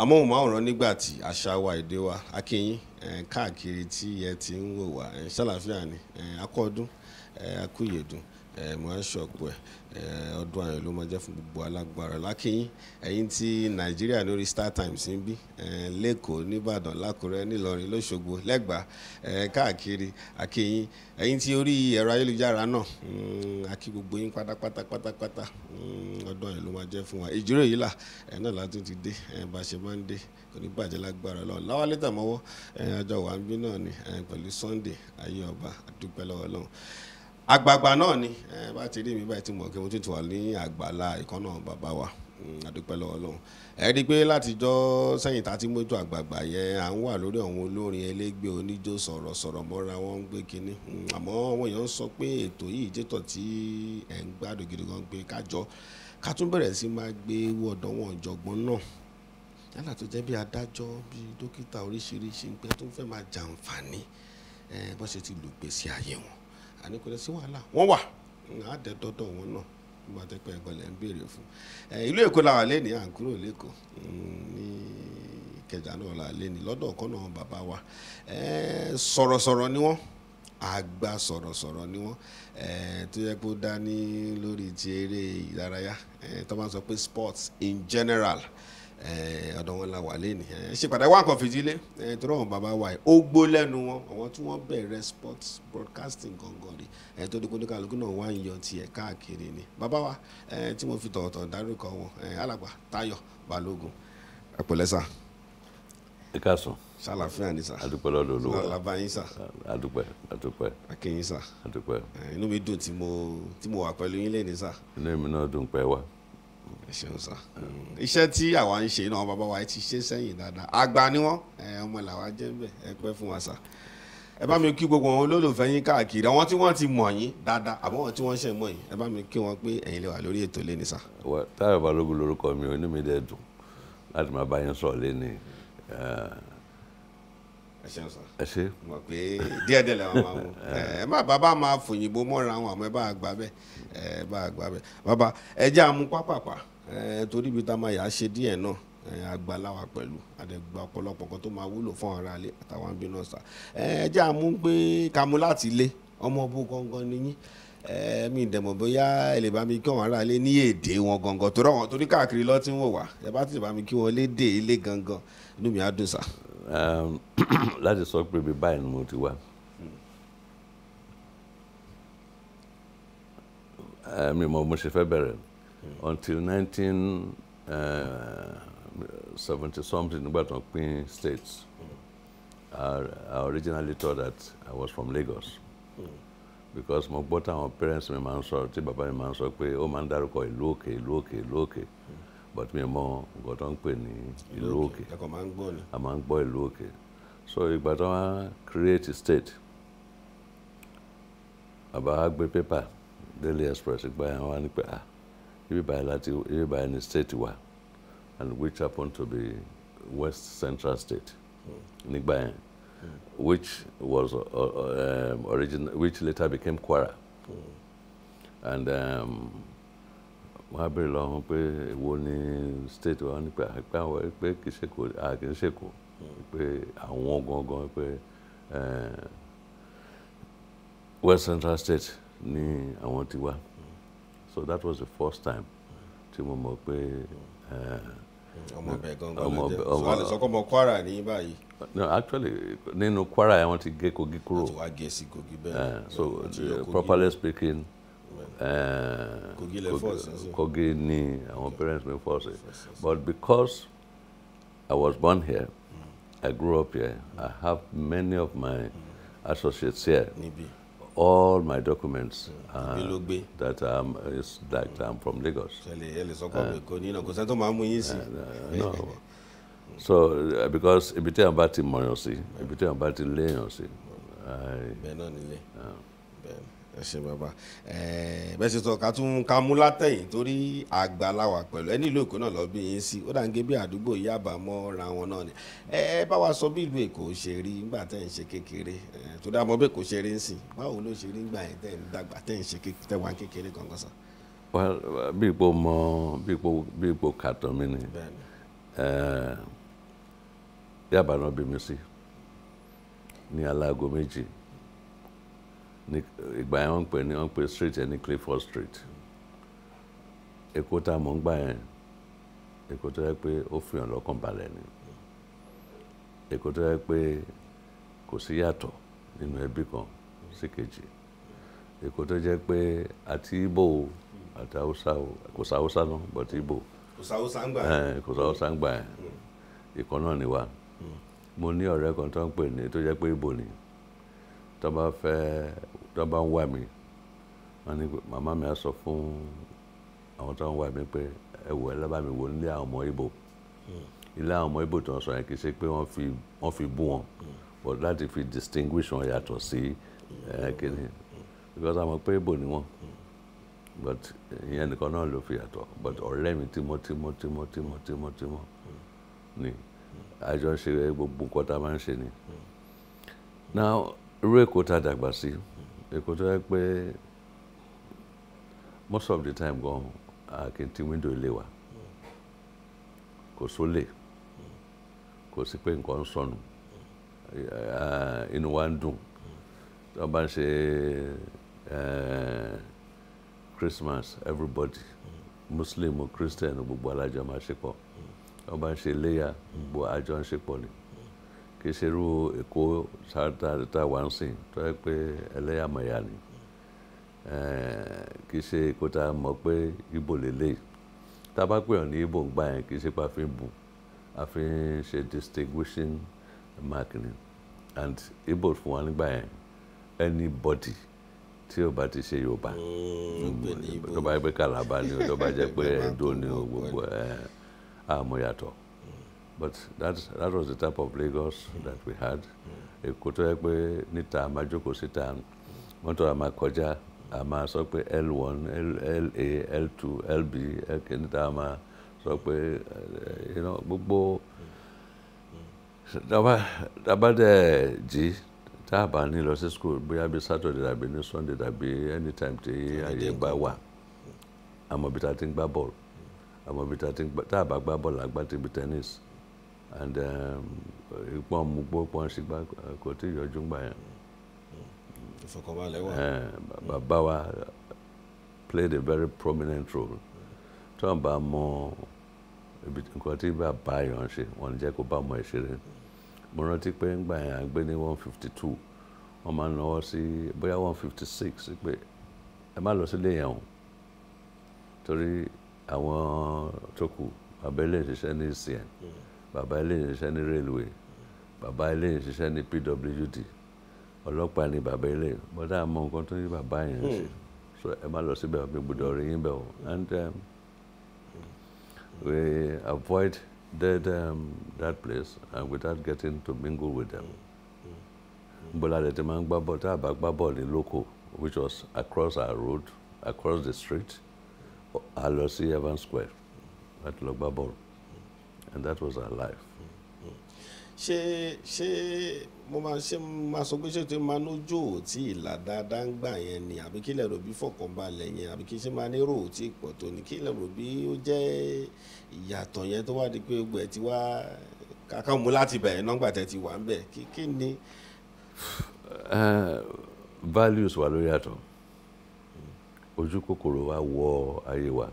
amóhùnmáwòrán nígbà tí àṣà wa èdè wa akínyìn káàkiri tí ẹ ti ń wò wá ṣàlàfíà ni acordo eh, acolhido. mo ń ṣọ̀pù ọdún ayọ̀ ló máa jẹ́ fún gbogbo alágbára lákìyín ẹ̀yin ti nàìjíríà lórí star times ń bí lẹ́kọ̀ọ́ nìbàdàn lákùrẹ́ nílọrin lọ́ṣogbo lẹ́gbàá káàkiri àkìyín ẹ̀yìn tí orí ẹ̀rọ ayélujára náà àkí mm, gbogbo yín pátápátá pátápátá mm, ọdún ayọ̀ ló máa jẹ́ fún wa ìjírò yìí là náà látún ti dé bá a sunday ayé ọba àdúpẹ́ lọ́wọ́ àgbààgbà náà ni ẹ bá ti rí mi báyìí tí mo kí mo tútù wà ní àgbàlá ìkànnà bàbá wa àdúpẹ́ hmm, lọ́wọ́ Ọlọ́run ẹ rí i pé látijọ́ sẹ́yìn tá a ti mójú àgbààgbà yẹn à ń wà lórí àwọn olórin ẹlẹ́gbẹ́ oníjó sọ̀rọ̀ sọ̀rọ̀ mọ́ra wọn ń gbé kinní hmm, àmọ́ wọ́n yàn ń sọ pé ètò yìí jẹ́tọ̀ tí ẹ̀ ń gbádùn gidi gan pé kájọ ká tún bẹ̀rẹ̀ sí máa gbé ewu ọ̀dọ́ wọn ọ̀jọ̀gbọ́n náà yálà tó jẹ́ bí adájọ́ bí dókítà oríṣiríṣi pé tó ń fẹ́ máa jàǹfààní bó ṣe ti lùgbèsè ayé wọn àní kò lè sí wàhálà wọ́n wà á dẹ́ dọ́dọ̀ wọn náà nígbà tó pẹ́ ẹ̀gbọ́n lẹ̀ ń béèrè fún ìlú èkó làwọn alẹ́ ní à ń kúrò lẹ́kọ̀ọ́ hmm, ní ìkẹjà náà la lé ní lọ́dọ̀ ọ̀kan náà bàbá wa sọ̀rọ̀sọ̀rọ̀ ni wọ́n àgbà sọ̀rọ̀sọ̀rọ̀ ni wọ́n tó yẹ kó dání lórí ti eré ìdárayá tó máa sọ pé sports in general Eh, ọ̀dọ̀ wọn la wà lẹ́nu eh, ẹ ṣe padà wá nǹkan fìdílé ẹ eh, tọrọ wọn bàbá wa yìí ó gbó lẹ́nu wọn àwọn tí wọ́n bẹ̀rẹ̀ sports broadcasting gangan rè ẹ tó dikun kálukú náà wá ń yọ tiẹ̀ káàkiri ni bàbá wa ẹ tí mo fi tọ̀tọ̀ dárúkọ wọn ẹ alàgbà Táyọ̀ Balógun ẹ pẹ̀lẹ́ sà. ẹ káàsán. sàlàfíà ni sà. adúpẹ́ lọ́dọ̀ olówó alaba yín sà. adúpẹ́ adúpẹ́. akínyín sà. adúpẹ́. inú mi dùn tí mo tí mo wà pẹ̀lú yín lẹ́ni sà. inú mi náà dùn pẹ́ wá ẹ ṣeun sá iṣẹ́ tí àwa ń ṣe náà bàbá wa ti ṣe sẹ́yìn dáadáa àgbà ni wọ́n ọmọ làwa jẹ́ bẹ́ẹ̀ ẹ pẹ́ fún wa sá ẹ bá mi kí gbogbo àwọn olólùfẹ́ yín káàkiri àwọn tí wọ́n ti mọ̀ yín dáadáa àbọ̀ wọn tí wọ́n ṣe mọ̀ yín ẹ bá mi kí wọn pé ẹ̀yin lè wà lórí ètò lẹ́ni sá. Táyọ̀ Balógun lórúkọ mi ò inú mi dẹ̀ dùn láti máa bá yín sọ̀rọ̀ lẹ́ni ẹ ṣeun sọ ẹ ṣe mọ pé díẹ̀ díẹ̀ làwọn máa wọ ẹ má bàbá máa fòyìnbó mọ́ra àwọn àmọ́ ẹ bá gbà bẹ́ẹ̀ ẹ bá gbà bẹ́ẹ̀ bàbá ẹ jẹ́ àmú pápápá ẹ torí ibi tá a máa yà á ṣe díẹ̀ náà agbalawa pẹ̀lú àdẹ̀gbà ọ̀pọ̀lọpọ̀ kan tó máa wúlò fún ara ilé àtàwọn àbí náà sà ẹ jẹ́ àmú pé kàmú láti ilé ọmọ bó gangan ni yín mi dẹ̀mọ̀ bóyá ẹ lè bá mi kí wọn ara ilé ní èdè wọn gangan torí káàkiri lọ́ọ́ ń wò wá ẹ bá ti bá mi kí wọn lédè ilé gangan inú mi á dùn sà. Ehm, láti sọ pé bí báyìí ni mo ti wá. Ehm, mi mọ mo ṣe fẹ́ bẹ̀rẹ̀ until nineteen eh, seventy something nígbà tó ń pín states I, I originally thought that I was from Lagos because mo gbọ́ táwọn parents mi máa ń sọ tí bàbá mi máa ń sọ pé ó máa ń dárúkọ ìlú òkè ìlú òkè ìlú òkè but mi mọ nǹkan tó ń pè ní ìlú òkè a máa ń gbọ́ ìlú òkè so ìgbà tó wá create state àbá gbé pépà Daily Express gba yẹn wá ní pé ah ibi báyìí láti ibi báyìí ní state wa and which happen to be West Central State hmm. nígbà yẹn hmm. which was uh, uh, um, original which later became Kwara mm. and um, wọ́n á béèrè lọ́wọ́ pé èwo ni state wa ní pé àpé àwọn pé kì í ṣèkó àkì í ṣèkó pé àwọn gangan pé west central state ni àwọn ti wá so that was the first time tí mo mọ̀ pé ọmọ ọbẹ̀ gangan ló jẹ́ so a lè sọ pé ọmọ kwara ní báyìí. no actually nínú kwara wọn ti gé kogi kúrò. wọ́n ti wá gé sí kogi bẹ́ẹ̀. so uh, properly speaking. Eh, Kogi lè eh, Kogi ni àwọn parents mi force but because I was born here I grew up here I have many of my associates here all my documents uh, that um, is that I'm from Lagos. Uh, no. so uh, because ibi tí a bá ti mọ̀yàn sí ibi ẹ ṣe bàbá bẹ́ẹ̀ ṣe sọ ká tún ká mú látẹ̀yìn torí àgbàláwà pẹ̀lú ẹni ìlú èkó náà lọ bí yín sí ó dà ń gé bí àdúgbò yìí àbámọ́ ra wọn náà ni ẹ bá wa sọ bí ìlú èkó ṣe rí nígbà tẹ̀ ń ṣe kékeré tó dá mọ́ bí èkó ṣe rí ń sìn báwo ló ṣe rí nígbà yẹn tẹ̀ ń dàgbà tẹ̀ ń ṣe tẹ̀ wá kékeré kankan sàn. bí ipò mọ bí ipò bí mi ni yàbá náà bí mi sí ní aláago méjì ní ìgbà yẹn wọ́n ń pè ní wọ́n pè street yẹn ní Clifford Street èkó tá a mọ̀ ń gbà yẹn èkó tó yẹ pé ó fi hàn lọ́kàn balẹ̀ ni èkó tó yẹ pé kò sí yàtọ̀ nínú ẹbí kan sí kejì èkó tó jẹ́ pé àti Ìgbò àti Haúsá o kò sáwúsá náà bọ̀tí Ìgbò kò sáwúsá kò sáwúsá ń gbà yẹn ìkan náà ni wa hmm. mo ní ọ̀rẹ́ kan tó ń pè ní tó jẹ́ pé Ìgbò ni tó bá fẹ́ tó bá ń wá mi wọ́n ní màmá mi á sọ fún àwọn tó ń wá mi pé ẹ wò ẹ lọ́ba mi wò nílé àwọn ọmọ Ìgbò ilé àwọn ọmọ Ìgbò tó ń sọ yẹn kì í ṣe pé wọ́n fi bú wọn but láti fi distinguish wọn yàtọ̀ sí kíni because àwọn pé Ìgbò ni wọn but ìyẹn nìkan náà ló fi yàtọ̀ but ọ̀rẹ́ mi tímọ́tímọ́ tímọ́tímọ́ tímọ́tímọ́ ni àjọṣe gbogbo nǹkan tá a máa ń ṣe ni now irú èkó tá a dàgbà sí. Mm èkó tó yẹ pé most of the time gan a kì í ti window ilé wa kò sólè kò sí pé nǹkan ń sọnù inú wa ń dùn tí wọ́n bá ń ṣe eh, Christmas everybody Muslim Christian gbogbo alájọ máa ṣe pọ̀ tí wọ́n bá ń ṣe iléyà gbogbo àjọ ń ṣe pọ̀ ni kì í ṣe irú èkó sáréta wà ń sìn tó yẹ pé ẹlẹ́yàmẹ̀yà ni kì í ṣe èkó tá a mọ̀ pé ibo lélẹ̀ tá ní ibo ń gbà yẹn kì í ṣe pé a fi ń bu a fi ń ṣe distinguishing mark ni and ibo fún wa nígbà yẹn anybody tí o bá ti ṣe yorùbá mm, tó bá yẹ pé Calabar ni o tó bá jẹ pé Ẹdó ni o gbogbo ẹ àmúyàtọ̀ but that that was the type of Lagos that we had èkó tó yẹ pé níta a máa jókòó síta mọ́tò a máa kọjá a máa sọ pé l one l la l two l lk níta a máa sọ pé eh, gbogbo dábàá mm. dẹ̀ jí tá a bá ní lọ sí school bóyá bí Saturday tàbí ní Sunday tàbí anytime tí àyè bá wà àmọ́ mm. bí ta ti ń gbá bọ́ọ̀lù àmọ́ bí ta ti ń gbá tá a bá gbá bọ́ọ̀lù àgbá ti bí tennis and um, ìpọ́n mu gbó pọ́n sígbà kò tí ì yọjú gbà yẹn. ìfọkànbalẹ̀ wà. bàbá wa played a very prominent role tí wọ́n bá mọ nǹkan tí bàbá yọ̀ ń ṣe wọ́n jẹ́ kó bá mọ ìṣeré mo rántí pé ńgbà yẹn à ní one fifty two wọ́n máa ń lọ́wọ́ sí bóyá one fifty six pé ẹ má lọ sílé yẹn o torí àwọn tó kù abẹ́lé ìṣiṣẹ́ ní cn. Mm -hmm bàbá eléyìí ń ṣiṣẹ́ ní railway bàbá eléyìí ń ṣiṣẹ́ ní pwd ọlọ́pàá ni bàbá eléyìí mo dáa mọ nǹkan tó ní bàbá yẹn ṣe hmm. so ẹ má lọ síbẹ̀ mi gbọ́dọ̀ rí yín bẹ̀ o and um, we avoid that, um, that place and without getting to mingle with them bọ́lá dẹ̀ ti máa ń gbá bọ́ọ̀lù tá a bá gbá bọ́ọ̀lù ní local which was across our road across the street a lọ sí Evans Square láti lọ gbá bọ́ọ̀lù and that was our life. ṣé ṣé mo máa ṣe máa sọ pé ṣé tí máa lójú òtí ìlà dáadáa ń gbà yẹn ni àbí kílẹ̀ rò bí fọkànbalẹ̀ yẹn àbí kí ṣe máa nírò òtí pọ̀ tó ní kílẹ̀ rò bí ó jẹ́ ìyàtọ̀ yẹn tó wá di pé gbẹ̀ tí wá kàkà mú láti bẹ̀rẹ̀ nọ́gbà tẹ́ ti wà ń bẹ̀ kí kí ni. Eh, values wa ló yàtọ̀ ojú kòkòrò wa wọ ayé wa.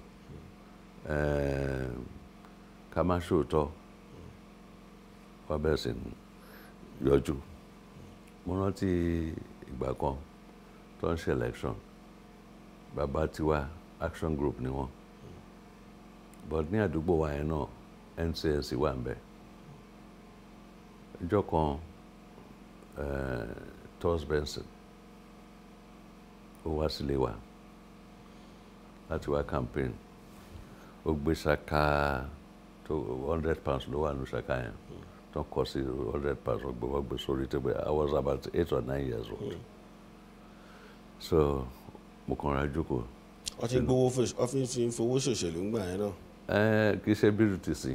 Uh, ká má ṣòótọ́ wá bẹ̀rẹ̀ sí ní yọjú mo rántí ìgbà kan tó ń ṣe election bàbá tiwa action group ni wọ́n but ní àdúgbò wa yẹn náà NCNC wà ń bẹ̀ ọjọ́ kan eh, Tos Benson ó wá sílé wa láti wá campaign ó gbé ṣáká to hundred pounds ló wà ní ṣàkàyàn Don't cost sí hundred pounds ọgbọ́n gbé sórí tẹ́gbẹ́ I was about eight or nine years old mm. so mo kàn ra jókòó. wọ́n ti gbowó ọ́fíìsì fowó ṣòṣèlú ń gbà yẹn náà. ẹ kì í ṣe bírù tì sí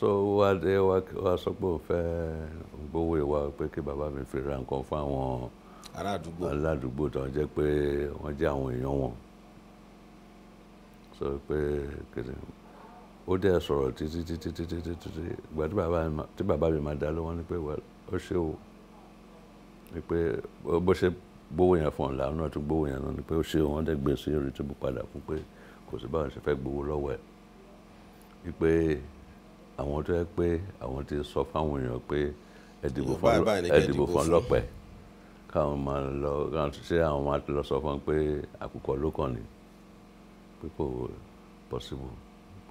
so wá dé wá sọ pé òun fẹ́ gbowó ìwà pé kí bàbá mi fi ra nǹkan fún àwọn aládùúgbò aládùúgbò tó ń jẹ́ pé wọ́n jẹ́ àwọn èèyàn wọn sọ pé ó dẹ̀ sọ̀rọ̀ títí títí títí títí ìgbà tí bàbá mi máa dá lọ́wọ́ ni pé ó ṣe o pé bó ṣe gbówó yẹn fún ọ̀la náà tún gbówó yẹn náà ni pé ó ṣe wọ́n dẹ̀ gbé sí orí tó bù padà fún pé kò sí báwọn ṣe fẹ́ gbowó lọ́wọ́ ẹ̀ wípé àwọn tó yẹ pé àwọn ti sọ fáwọn èèyàn pé ẹ dìbò fún ẹ dìbò fún ọlọ́pẹ́ káwọn máa lọ káwọn ṣe àwọn máa lọ sọ fún pé àkùkọ ló kàn ní pé possible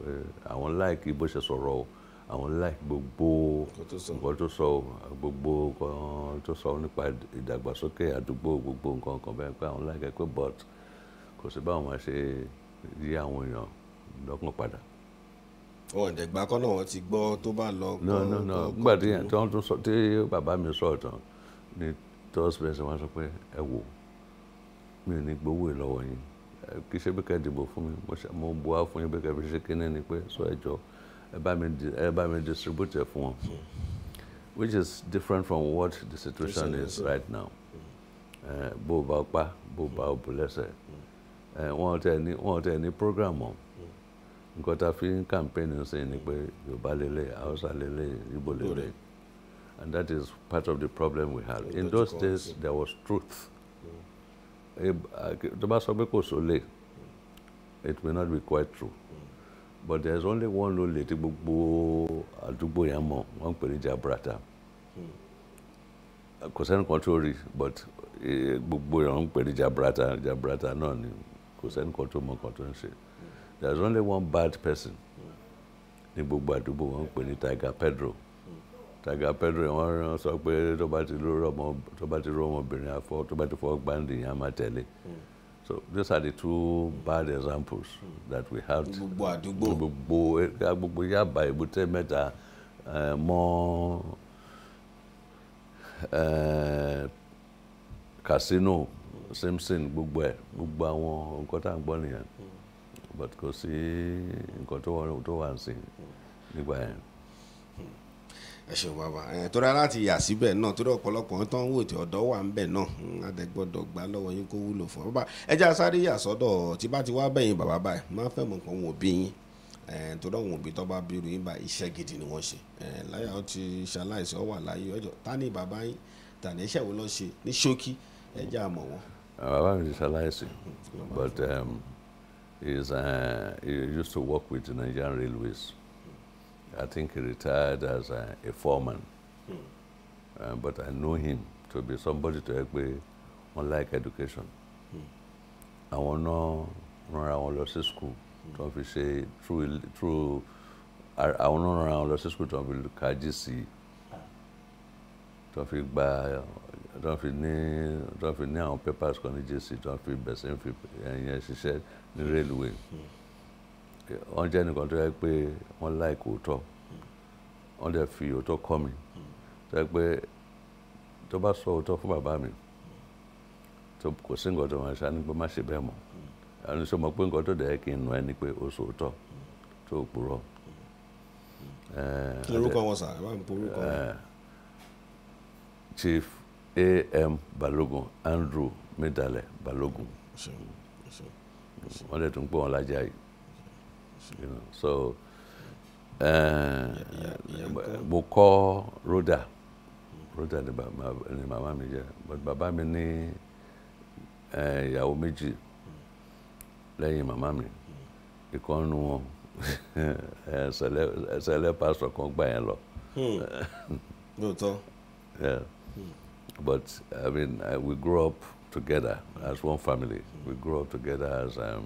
pé eh, àwọn láìkì bó ṣe sọ̀rọ̀ o àwọn láìkì gbogbo nǹkan tó sọ gbogbo nǹkan tó sọ nípa ìdàgbàsókè àdúgbò gbogbo nǹkan kan bẹ́ẹ̀ pé àwọn láìkì pé but kò sí báwọn máa ṣe yí àwọn èèyàn lọ́kàn padà. wọn ò dẹ̀gbà kọ́ náà wọ́n ti gbọ́ tó bá lọ. no no no nígbà tí wọ́n tún sọ tí bàbá mi sọ ọ̀tàn ni tọ́sí bẹ́sẹ̀ wọn sọ pé ẹ wò mí ò ní gbowó ìlọ́wọ́ yín kì í ṣe bí ká dìbò fún mi mo buwá fún yín bí ká fi ṣe kíní ni pé sọ ẹ jọ ẹ bá mi distribute ẹ fún wọn which is different from what the situation is right now eh, bó o bá pa bó o bá o bù lẹ́sẹ̀ eh, wọn tẹ ní wọn tẹ ní program wọn nǹkan tá a fi ń campaign ṣe ni pé Yorùbá lélẹ̀ Hausa lélẹ̀ Igbo lélẹ̀ and that is part of the problem we had in those days there was truth tó bá sọ pé kò sólè it may not be quite true but there is only one lólè tí gbogbo àdúgbò yẹn mọ̀ wọ́n ń pè ní Jabrata kò sẹ́ni kan tó rí but e, gbogbo yẹn wọ́n ń pè ní Jabrata Jabrata náà ni kò sẹ́ni kan tó mọ̀ kan tó ń ṣe there is only one bad person ní gbogbo àdúgbò wọ́n ń pè ní Tiger Pedro. Mm. Tiger Pedro wọn sọ pé tó bá ti lóró ọmọ tó bá ti ró ọmọbìnrin afọ tó bá ti fọ gbáǹdì yẹn á máa tẹ̀lé. So these are the two bad examples that we have. Gbogbo àdúgbò. Gbogbo gbogbo Yaba Èbúté Mẹ́ta mọ́ Casino Simpson gbogbo ẹ̀ gbogbo àwọn nǹkan tá à ń gbọ́ nìyẹn but kò sí nǹkan tó wà ń sìn nígbà yẹn ẹ ṣeun bàbá ẹ tó dáa láti yà síbẹ̀ náà tó dáa ọ̀pọ̀lọpọ̀ tó ń wò tí ọ̀dọ́ wà ń bẹ̀ náà àtẹ̀gbọ́dọ̀ hmm, gbà lọ́wọ́ yín kó wúlò fún bàbá ẹ já sáré yà sọ́dọ̀ tí bá ti wá bẹ̀yìn bàbá báyìí máa fẹ́ mọ̀ nǹkan wò bí yín tó dáa wọn òbí tó bá bí ròyìn bá iṣẹ́ gidi ni wọ́n ṣe láyà ó ti ṣaláìsí ọ wà láyé ọjọ́ ta ni bàbá yín ta ni iṣẹ́ wo ló ṣe ní ṣókí ẹ já mọ̀ wọ́n. Ah, bàbá mi ti ṣaláìsí hmm, but um, he, is, uh, he used to work with Nigerian Railways. I think he retired as a, a foreman. Mm. Uh, but I know him to be somebody to help me unlike education. Hmm. Àwọn náà rànra wọn lọ sí school tó fi ṣe through through àwọn náà rànra wọn lọ sí school tó fi ka GC e, hmm. tó fi gba tó fi ní tó fi ní àwọn papers kan ní GC e tó fi bẹ̀sẹ̀ ń fi ẹ̀yẹn eh, ṣiṣẹ́ ní railway. Mm wọ́n jẹ́ nìkan tó yẹ pé wọ́n láìkò òótọ́ wọ́n dẹ̀ fi òótọ́ kọ́ mi tó yẹ pé tó bá sọ òótọ́ fún bàbá mi tó kò sí nǹkan tó máa ṣe á má ṣe bẹ́ẹ̀ mọ́ àwọn ìṣòwò pé nǹkan tó dẹ̀ kí n nù ẹ́ ni pé ó sọ òótọ́ tó purọ́. orúkọ wọn sà ẹ bá mi pọ orúkọ Chief A.M. Balogun Andrew Medale Balogun wọ́n dẹ̀ tún pè wọ́n lájà yìí you know so uh, mo kọ́ roda roda ni mama mi jẹ́ but bàbá mi ní ìyàwó méjì lẹ́yìn màmá mi ìkànnù wọn ẹsẹ̀lẹ̀ pásítọ̀ kan gbà yẹn lọ. Hmm. lóòótọ́. Hmm. but I mean uh, we grew up together as one family we grew up together as. Um,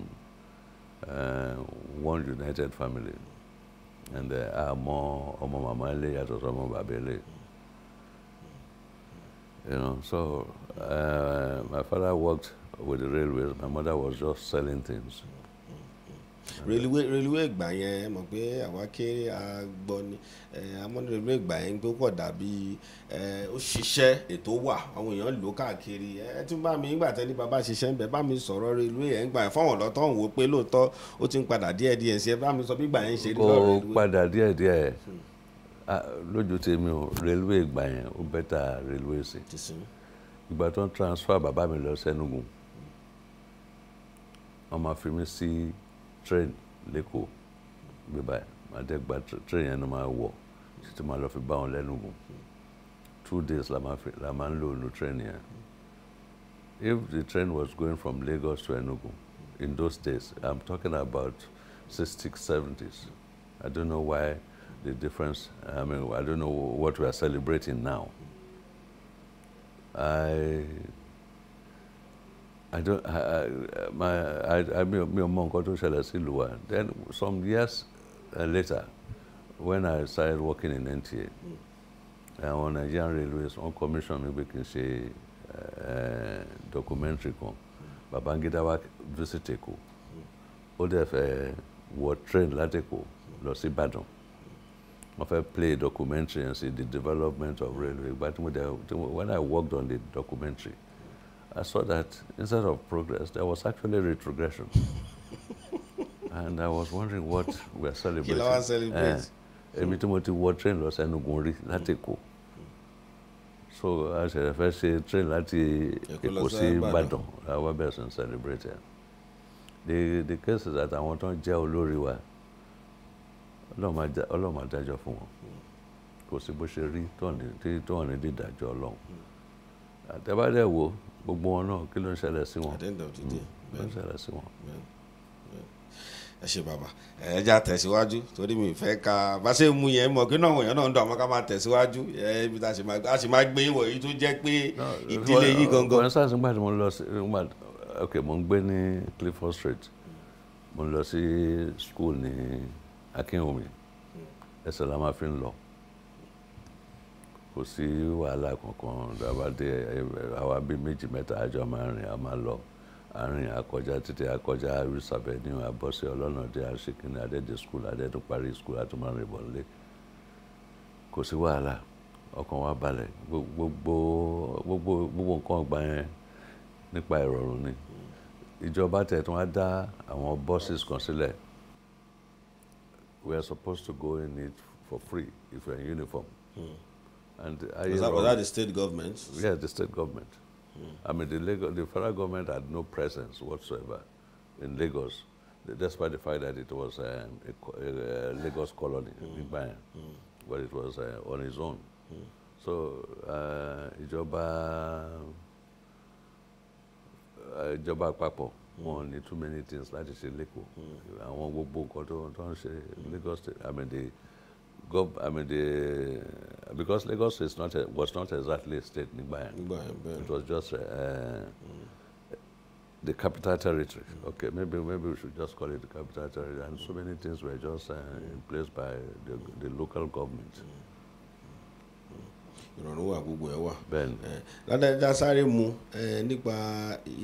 uh, one united family and there are more ọmọ màmá ilé yàtọ̀ sọmọ bàbá ilé you know so uh, my father worked with the railways my mother was just selling things reluwé reluwé ìgbà yẹn mọ̀ pé àwa kéré agbọ́ ni amọ́ni reluwé ìgbà yẹn pé ó pọ̀ dàbí ó ṣiṣẹ́ ètò wà àwọn èèyàn lò káàkiri ẹ tún bá mi ìgbà tẹ́lẹ̀ bàbá ṣiṣẹ́ ń bẹ̀ bá mi sọ̀rọ̀ reluwé yẹn gbà yẹn fọ́wọ́n lọ́tọ́ ń wo pé lóòótọ́ ó ti ń padà díẹ̀ díẹ̀ sí ẹ bá mi sọ bí ìgbà yẹn ṣe rí lọ́rọ̀ reluwé. kò padà díẹ̀ díẹ̀ hmm. lójú tèmi o transfer bàbá mi lọ sẹ́nugun wọ́n máa train lẹ́kọ̀ọ́ gbé báyìí màá dẹ́ gba train yẹn ni màá wọ̀ títí màá lọ fi bá wọn lẹ́nu gùn two days la máa ń lò nu train yẹn if the train was going from Lagos to Enugu in those days I'm talking about sixties seventies I don't know why the difference I mean I don't know what we are celebrating now I I don't, I, I, my, I, I, mi ò mọ nǹkan tó ṣẹlẹ̀ sílùú wa then some years uh, later when I started working in NTA àwọn mm. uh, Nigerian railways on commission mi pé kí n ṣe uh, documentary kan Babangida wa visit Èkó ó dẹ̀ fẹ́ wọ train láti Èkó lọ sí Ìbàdàn wọ́n fẹ́ play documentary and see the development of railway but when I worked on the documentary I saw that instead of progress, there was actually retrogression. and I was wondering what we are celebrating. Kìlọ́wà celebrate. Eh, èmi tí mo ti wọ train lọ sẹ́nugun rí láti Èkó. So a ṣẹ̀rẹ̀ fẹ́ ṣe train láti Èkó sí Ìbàdàn. Àwa bẹ̀rẹ̀ sí ń celebrate The the case is that àwọn tó ń jẹ́ olórí wa ọlọ́mọ adájọ́ fún wọn. Kò sí bó ṣe rí tó ní dídájọ́ ọlọ́run. Hmm. Àtẹ̀bá dẹ̀ wò gbogbo wọn náà kí ló ń ṣẹlẹ̀ sí wọn at the end of the day hmm, kí ló ń ṣẹlẹ̀ sí wọn. ẹ ṣe bàbá ẹ já tẹ̀síwájú torí mi fẹ́ ka bá ṣe mú yẹn mọ̀ kí náà wọ̀nyẹn náà ń dùn àmọ́ ká máa tẹ̀síwájú ibi tá a ṣe máa gbé ìwọ̀ yìí tó jẹ́ pé ìdílé yìí gangan. ọ̀nà sáà nígbà tí mo lọ sí ok mo ń gbé ní Clifford Street mo lọ sí school ní Akínwùmí hmm. ẹsẹ̀ la máa fi ń lọ kò sí wàhálà kankan dàbàdé àwa bíi méjì mẹ́ta àjọ máa rìn a máa lọ àárín akọjá títí akọjá Iris Avenue abọ́sí ọlọ́nà dé àṣekínní adẹ́dẹ́ school adẹ́dẹ́ parí school àtúmọ̀rìn ìbọn lé kò sí wàhálà ọkàn wa balẹ̀ gbogbo gbogbo nǹkan ọgbà yẹn nípa ìrọ̀rùn ni ìjọba tẹ̀ tí wọ́n dá àwọn buses kan sílẹ̀ we are supposed to go in it for free if you are in uniform. Mm. And uh, I, was, that, was that the state government? Yeah, the state government. Mm. I mean, the, Lagos, the federal government had no presence whatsoever in Lagos, despite the fact that it was um, a, a, a, Lagos colony mm. in Bayern, mm. but it was uh, on its own. Mm. So, uh, Ijoba, uh, Ijoba Papo, mm. wọn ní too many things like láti ṣe I mm. àwọn gbogbo nǹkan tó ń ṣe Lagos I mean the go, I mean, the, because Lagos is not a, was not exactly a state, Nigbayan. It was just uh, mm. the capital territory. Mm. Okay, maybe maybe we should just call it the capital territory. And so many things were just uh, in place by the, the local government. Mm. ìrọ̀rùn wà gbogbo ẹ̀ wà. bẹ́ẹ̀ni. ládàjà sáré mu nípa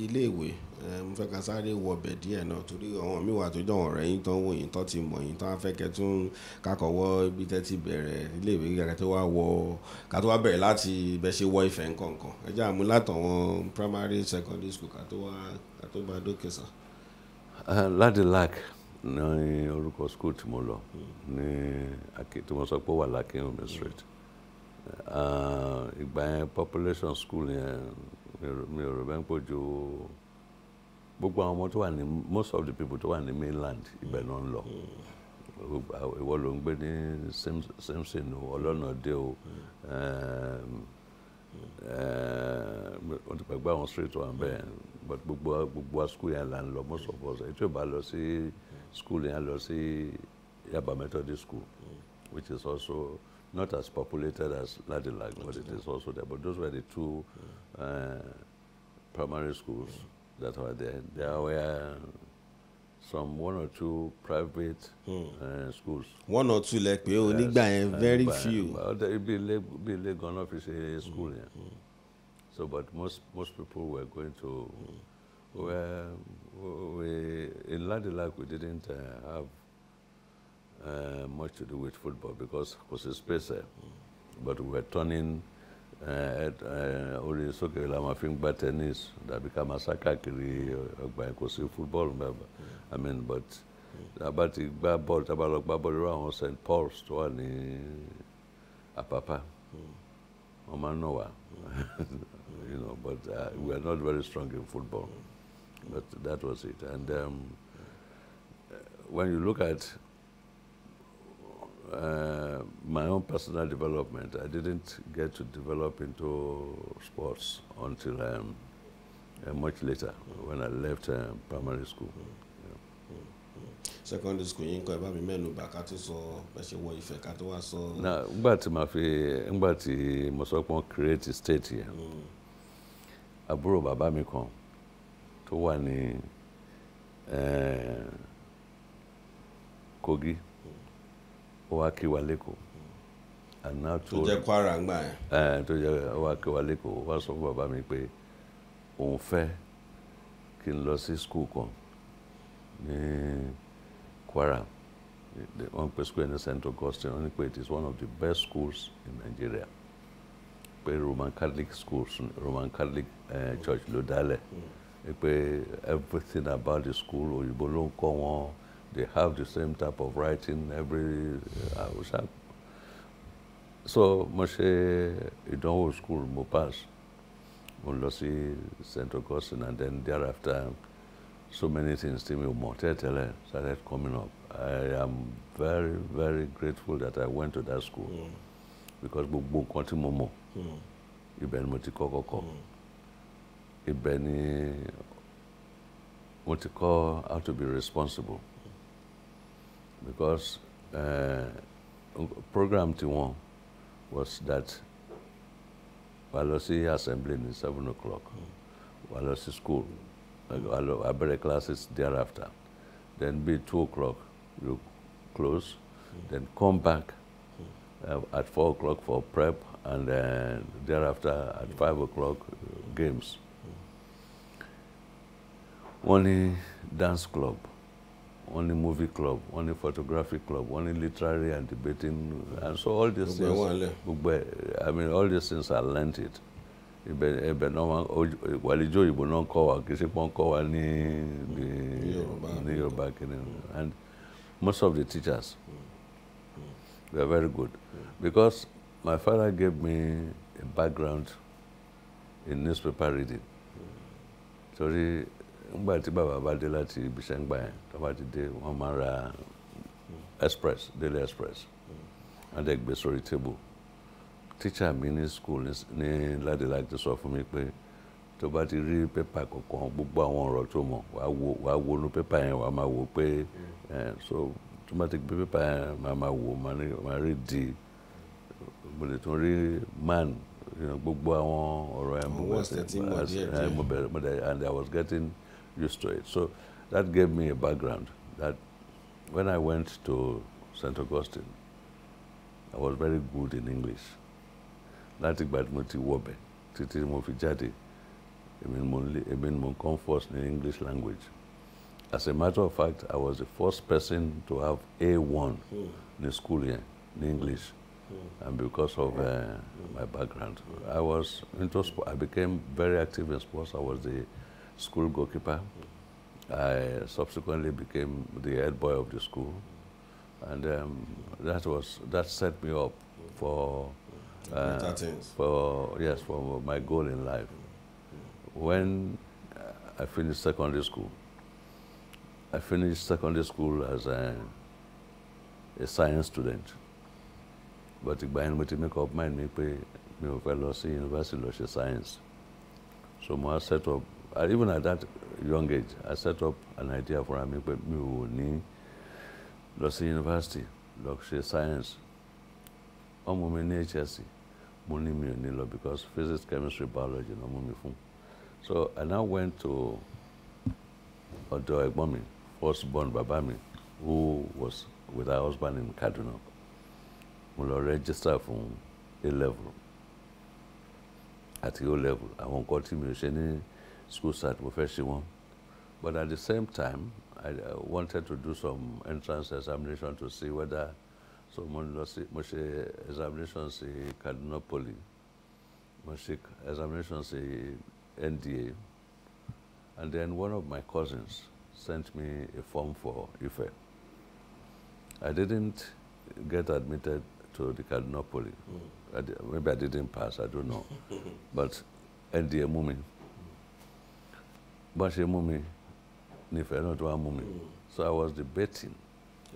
iléèwé mo fẹ́ ka sáré wọbẹ̀ díẹ̀ náà torí àwọn mi wà tó jọ̀wọ́n rẹ̀ yín tán wò yín tán ti mọ̀ yín tán afẹ́kẹ́ tún kakọ̀wọ́ ibi tẹ́ ti bẹ̀rẹ̀ iléèwé gẹ́gẹ́ tó wá wọ ká tó wá láti ibẹ̀ ṣe wọ Ifẹ̀ nkankan ẹ jẹ́ àmú látọ̀wọ́n primary secondary school ká tó wá ká tó bá dókè sàn. Ladilac ní orúkọ school tí mo lọ ní tí mo sọ pé ó wà lákínrùnmí street. Mm. Ah, ìgbà yẹn population school yẹn mi ò rò bẹ́ẹ̀ ń pọ̀ ju gbogbo àwọn ọmọ tó wà ní most of the people tó wà ní mainland ibẹ̀ náà ń lọ hmm. ìwọ ló ń gbé ní Simpson o ọlọ́nà dé o wọ́n ehm, ehm, ti pẹ̀gbẹ́ àwọn street wa bẹ́ẹ̀ but gbogbo gbogbo wa school yẹn là ń lọ most of us ètò ìbá lọ sí school yẹn lọ sí Yaba Methodist school which is also not as populated as Ladilag, but it is also there. But those were the two uh, primary schools that were there. There were some one or two private hmm. uh, schools. one or two like we only buy very few. Well, there be be ganan fi ṣe school yẹn hmm, hmm. so but most most people were going to. where Well, we, in Ladilag we didn't uh, have uh, much to do with football because it was a spacer. But we were turning uh, at only uh, orí sókè la máa tennis That became a soccer. káàkiri ọgbà yẹn kò football remember I mean but about the bad ball, about the ball around irú àwọn St Paul's tó wà ní Apapa wọ́n you know but uh, we are not very strong in football but that was it and um, when you look at my own personal development. I didn't get to develop into sports until um, uh, much later when I left um, primary school. Yeah. secondary school yín kọ́ ẹ bá mi mẹ́nu bà ká tó sọ bẹ́ẹ̀ ṣe wọ ìfẹ́ ká tó wá sọ. na ngbà tí màá fi ngbà tí mo sọ pé wọ́n create state yẹn àbúrò bàbá mi kan tó wà ní eh, Kogi. Mm ó wá kí wa lẹ́kọ̀ọ́ àná tó jẹ́ kwara ńgbà yẹn. Eh, tó jẹ́ ó wá kí wa lẹ́kọ̀ọ́ ó wá sọ fún bàbá mi pé òun fẹ́ kí n lọ sí skul kan ní kwara wọ́n pe school ní St. Augustine wọ́n ní pé it is one of the best schools in Nigeria pé Roman Catholic schools Roman Catholic uh, church ló dálẹ̀ hmm. pé everything about the school òyìnbó ló ń kọ́ wọn they have the same type of writing every Hausa. Uh, so mo ṣe ìdánwò school mo pass mo lọ sí St. Augustine and then thereafter so many things tí mi ò mọ̀ tẹ́tẹ́lẹ̀ started coming up I am very very grateful that I went to that school mm. because gbogbo nǹkan tí mo mọ̀ hmm. ibẹ̀ ni mo ti kọ́ kọ́kọ́ hmm. ibẹ̀ ni mo ti kọ́ how to be responsible. because uh, program T1 was that Walosi assembly in 7 o'clock, Walosi school, Abere classes thereafter. Then be 2 o'clock, you close, then come back uh, at 4 o'clock for prep, and thereafter at 5 o'clock, uh, games. Only dance club. wọ́n ní movie club wọ́n ní photography club wọ́n ní literary and debating and so all these things gbogbo ẹ̀ i mean all these things i learnt it ibẹ̀ ibẹ̀ náà wọn ìwàlejò òyìnbó náà kọ́ wa kì í ṣe pọ́n kọ́ wa ní ní yorùbá kìnìún and most of the teachers were very good because my father gave me a background in newspaper reading torí nígbà tí bàbá bá dé láti ibiṣẹ́ ń gbà yẹn tó bá ti dé wọ́n máa ra express daily express wọ́n dẹ̀ gbé sórí table tíṣà mi ní school ní ládìláì ti sọ fún mi pé tó bá ti rí pépà kankan gbogbo àwọn ọ̀rọ̀ tó mọ̀ wàá wo inú pépà yẹn wàá máa wo pé so tó bá ti gbé pépà yẹn máa máa wo máa rí di mo lè tún rí man gbogbo àwọn ọ̀rọ̀ yẹn mo bẹ̀rẹ̀ eh, and I was getting. used to it. So that gave me a background that when I went to St. Augustine, I was very good in English. Láti ìgbà I'm not wọbẹ̀ títí mo fi jáde, èmi ni mo ń lé èmi ni mo first in English language. As a matter of fact, I was the first person to have A1 in school here in English. And because of uh, my background, I was into sport. I became very active in sports. I was the school goalkeeper. I subsequently became the head boy of the school, and um, that was that set me up for uh, for yes for my goal in life. When uh, I finished secondary school, I finished secondary school as a, a science student, but I yẹn mo ti make up mind mi pé university lọ science, so I set up. even at that young age I set up an idea for mi pé mi ò ní lọ sí yunifásitì lọ ṣe science ọmọ mi ní HSC mo ní mi ò ní lọ because physics chemistry biology ló mú mi fún so I now went to ọ̀dọ̀ ẹ̀gbọ́n mi first born bàbá mi who was with her husband in Kaduna mo lọ register fún A level àti O level àwọn nǹkan tí mi ò ṣe ní. school start professional. But at the same time, I uh, wanted to do some entrance examination to see whether someone mo in examination sí Kaduna Poly, mo NDA, and then one of my cousins sent me a form for Ife. I didn't get admitted to the Kaduna Mm. I, maybe I didn't pass, I don't know. but NDA movement. bọ́n ṣe mú mi nífẹ̀ẹ́ náà tó wá mú mi so I was debating.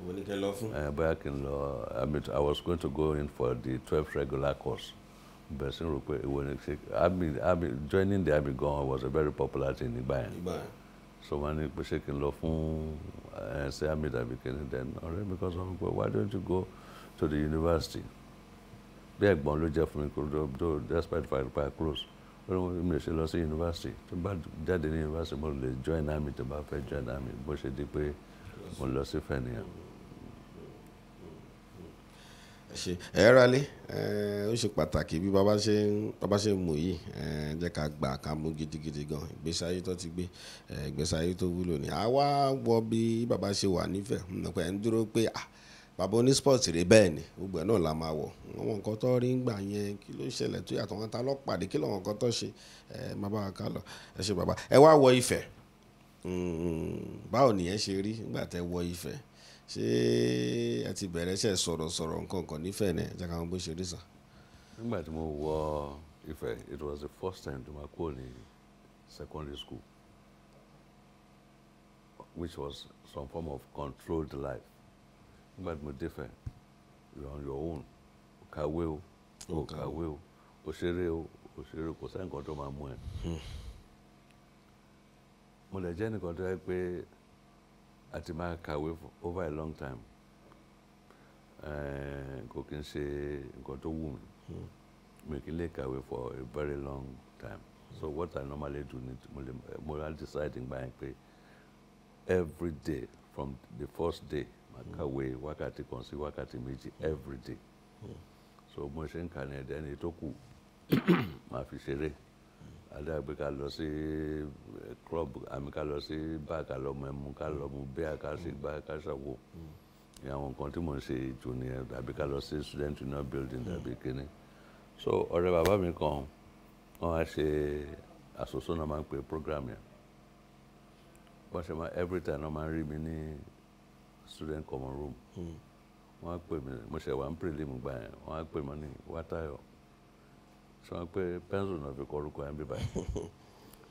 ìwọ ni kẹ lọ fún. ẹ eh, bóyá kí n lọ I mean I was going to go in for the twelve regular course bẹ̀rẹ̀ sí rò pé ìwọ ni ṣe I mean joining the Abi gan was a very popular thing nígbà yẹn. nígbà yẹn so wọn ní pé ṣé kí n lọ fún ẹsẹ amid abikini then ọ̀rẹ́ mi kan sọ fún pé why don't you go to the university bí ẹ̀gbọ́n ló jẹ́ fún mi kó despite the fact that I close olóhùn mi lè ṣe lọ sí yunifásitì tó bá jáde ní yunifásitì mo lè join army tó bá fẹ́ join army bó ṣe di pé mo lọ sí fẹ̀nìyàn. ṣe ẹ rálé ó ṣe pàtàkì bí bàbá ṣe ń bàbá ṣe ń mú yìí jẹ́ ká gbà ká mú gidigidi gan ìgbésí ayé tó ti gbé ìgbésí ayé tó wúlò ni àwa wọ bí bàbá ṣe wà nífẹ̀ẹ́ ń dúró pé ah bàbá oníspọ̀tì rè bẹ́ẹ̀ ni gbogbo ẹ̀ náà la máa wọ̀ àwọn nǹkan tó rí ń gbà yẹn kí ló ṣẹlẹ̀ tó yàtọ̀ wọn ta lọ pàdé kí lọ́wọ́ nǹkan tó ṣe ẹ má bá wa ká lọ ẹ ṣe bàbá ẹ wá wọ Ifẹ̀ hmm, báwo nìyẹn ṣe rí nígbà tẹ wọ Ifẹ̀ ṣé ẹ ti bẹ̀rẹ̀ ṣe sọ̀rọ̀ sọ̀rọ̀ nǹkan kan nífẹ̀ẹ́ ni jẹ́ káwọn bó ṣe rí sàn. nígbà tí mo wọ Ifẹ̀ it was the first time tí mo kó ní secondary school which was some form of controlled life But tí mo dé fẹ́ you're on your own o kàwé o o kàwé o o ṣeré o o ṣeré o kò sẹ́yìn kan tó máa mú ẹ. Hmm. mo lè jẹ́ nìkan tó yẹ pé a ti máa kàwé over a long time eh, kò kí n ṣe nǹkan tó wù mí hmm. mi kì í lè kàwé for a very long time so hmm. what I normally do ni mo lè mo lè decide nígbà yẹn every day from the first day máa kàwé wákàtí kan sí wákàtí méjì every day so mo ṣe ń kà ní ẹ̀dẹ́ ni tó kù máa fi ṣeré adágbé ká lọ sí eh, club àmì ká lọ sí bá ká lọ mọ ẹmu ká lọ mu bẹ́ẹ̀ ká sì gbá ká ṣàwò ní àwọn nǹkan tí mò ń ṣe jù nìyẹn tàbí ká lọ sí student union building tàbí kínní so ọ̀rẹ́ bàbá mi kan wọ́n á ṣe àsòsó náà máa ń pe program yẹn wọ́n ṣe máa every time wọ́n máa ń rí mi ní student common room wọ́n á pè mí mo ṣe wà ń pè lémi gbà yẹn wọ́n á pè mí ní wátayọ̀ sọ wọn pé pencil náà fi kọ orúkọ yẹn bí báyìí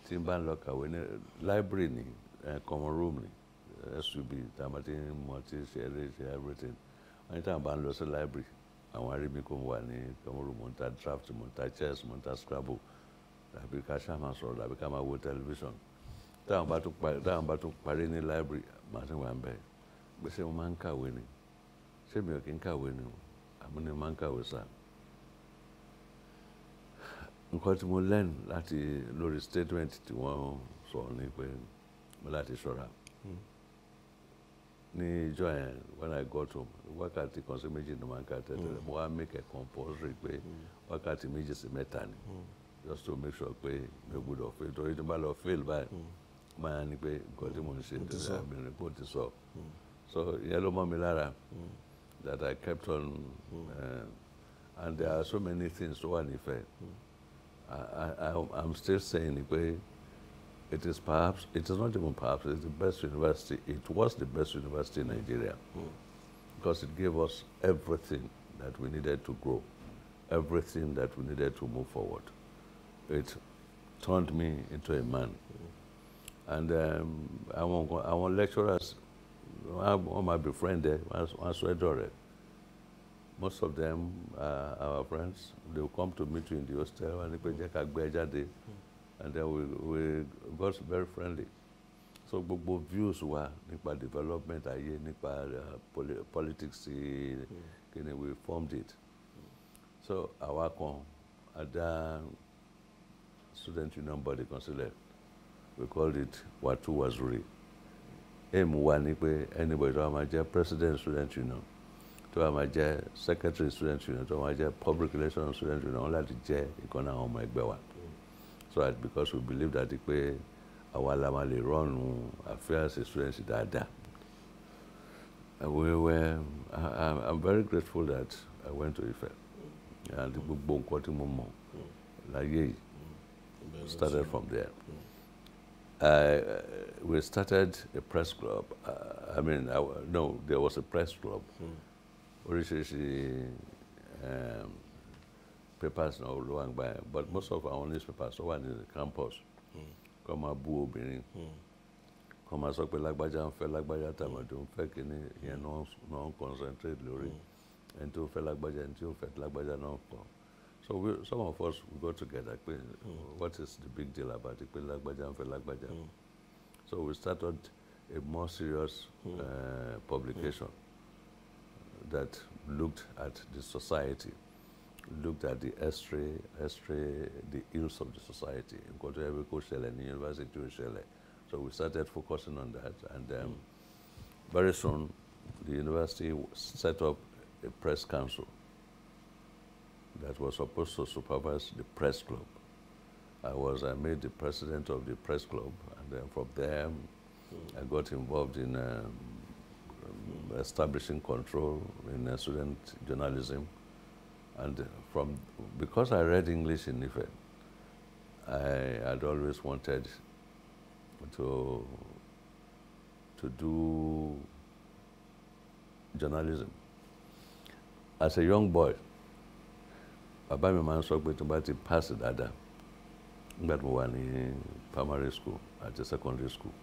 tí n bá ń lọ kàwé ní library ní common room ní SUB tàbí tí mo ti ṣe eré ṣe everything wọ́n ní tí àwọn bá ń lọ sí library àwọn arími kò wà ní common room mo ń ta draft mo ń ta chess mo ń ta scrabble tàbí ká ṣáà máa sọ̀rọ̀ tàbí ká máa wo television táwọn bá tún parí ní library màá tún wà ń bẹ́ẹ̀ gbèsè mo máa ń kàwé ni ṣé mi ò kí ń kàwé ni o àmì ni mo máa ń kàwé sá nǹkan tí mo learn láti lórí statement tí wọ́n sọ ni pé mo láti ṣọ́ra hmm. ní ìjọ yẹn when I got home wákàtí kan sí méjì ni mo máa ń kà tẹ́lẹ̀ hmm. mo wá make a compulsory pé hmm. wákàtí méjì sí mẹ́ta ni just to make sure pé mi ò gbọdọ̀ fail torí tí mo bá lọ fail báyìí máa ní pé nǹkan tí mo ń ṣe tẹ́lẹ̀ àmì rẹ̀ kò ti sọ. So yellow Milara mm, that I kept on, uh, and there are so many things to one effect. I, am still saying it is perhaps, it is not even perhaps, it's the best university, it was the best university in Nigeria mm. because it gave us everything that we needed to grow, everything that we needed to move forward. It turned me into a man. And um, I our lecturers wọ́n máa befriend ẹ wọ́n á sọ ẹ́ dọ̀rẹ́ most of them uh, our friends they will come to meet you in the hostel wọ́n á ní pé jẹ́ ká jáde and then we we got very friendly so gbogbo views wa nípa development ayé nípa uh, poli politics mm. Eh, kini we formed it so àwa kan ada student union body kan we called it Watu Wazuri aim wa ni pé anybody to a máa jẹ́ president student union to a máa jẹ́ secretary student union to a máa jẹ́ public relations student union wọ́n láti jẹ́ ìkan náà àwọn ọmọ ẹgbẹ́ wa so that because we believe that pé àwa la máa lè run affairs students dáadáa. We were, I, I'm very grateful that I went to Ife and gbogbo nǹkan tí mo mọ̀ láyé yìí started from there. Mm uh, we started a press club. Uh, I mean, I, no, there was a press club. Oríṣiríṣi hmm. um, papers náà long by, but most of our newspapers wà ní campus kọ́ máa bú obìnrin kọ́ hmm. máa sọ pé lágbájá ń fẹ́ lágbájá tàmọ̀dún ń fẹ́ kínní ìyẹn hmm. náà ń concentrate lórí ẹni tó fẹ́ lágbájá ẹni tí ó fẹ́ so we, some of us we got together mm. what is the big deal about it pé lágbájá ń fẹ́ hmm. so we started a more serious mm. uh, publication mm. that looked at the society looked at the history history the ills of the society nǹkan tó yẹ pé kó university ní so we started focusing on that and hmm. very soon the university set up a press council that was supposed to supervise the press club. I was I made the president of the press club, and then from there I got involved in um, um establishing control in uh, student journalism, and uh, from because I read English in Ife, I had always wanted to to do journalism. As a young boy, bàbá mi máa ń sọ pé tó bá ti pass dáadáa nígbà tí mo wà ní primary school àti secondary school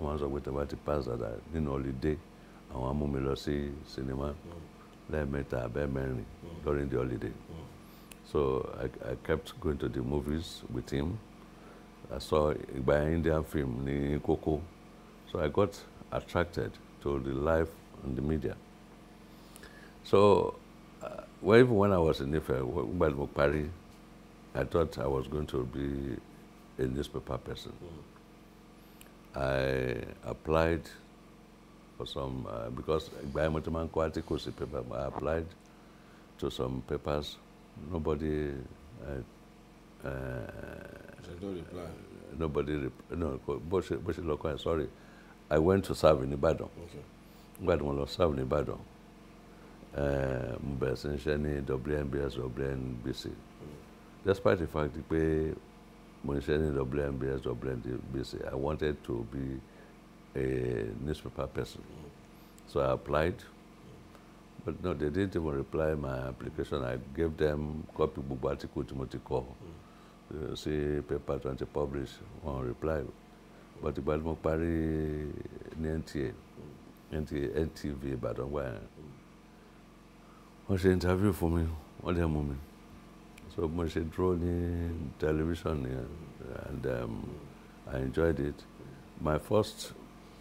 wọ́n máa ń sọ pé tó bá ti pass dáadáa nínú ọlídé àwọn á mú mi lọ sí sinimá lẹ́ẹ̀mẹ́ta abẹ́mẹ́rin during the holiday so I, I kept going to the movies with him I saw ìgbà Indian film ní Koko so I got attracted to the life and the media so well, even when I was in Ife, when Mukpari, I thought I was going to be a newspaper person. Mm. I applied for some, uh, because Gbayamotaman Kwati Kosi paper, I applied to some papers. Nobody, uh, uh, reply. nobody, rep- no, Boshi Lokwan, sorry. I went to serve in Ibadan. Okay. was serving in Ibadan. Eh, mo bẹ̀rẹ̀ sí ní ṣe ní WNBS WNBC despite the fact pé mo ń ṣe ní WNBS WNBC I wanted to be a newspaper person so I applied but no they didn't even reply my application I gave them copy gbogbo article tí mo ti kọ eh, sí paper tí wọ́n publish wọ́n reply but ìgbà tí parí ní NTA NTA NTV Ìbàdàn wáyà. must interview for me all the moment. So must draw the television and um, I enjoyed it. My first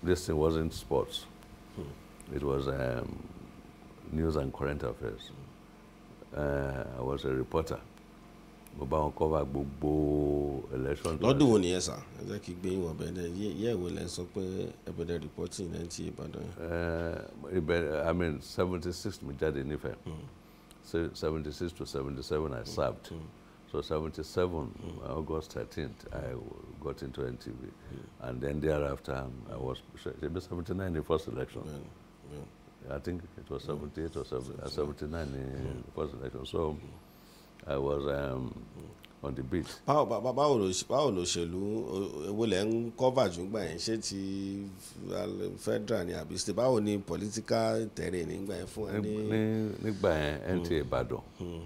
listing wasn't sports. It was um, news and current affairs. Uh, I was a reporter. mo bá wọn cover gbogbo election. lọ́dún wo nìyẹn sà ẹ jẹ́ kí gbé ìwọ̀n bẹ̀rẹ̀ yẹ ìwé lẹ́ sọ pé ẹ bẹ̀rẹ̀ reporting lẹ́yìn tí eh, i mean seventy six mi jáde nífẹ̀ẹ́ hmm. seventy six to seventy seven i served. Hmm. So 77, mm. August 13th, I got into NTV. Hmm. And then thereafter, I was 79 the first election. I think it was 78 or 70, 79 the first election. So I was um, on the beat. báwo báwo báwo ló báwo ló ṣèlú èwo lẹ ń cover jùgbà yẹn ṣé ti federal ni àbí state báwo ni political terrain nígbà yẹn fún ẹ ní. nígbà yẹn hmm. NTA Ìbàdàn hmm.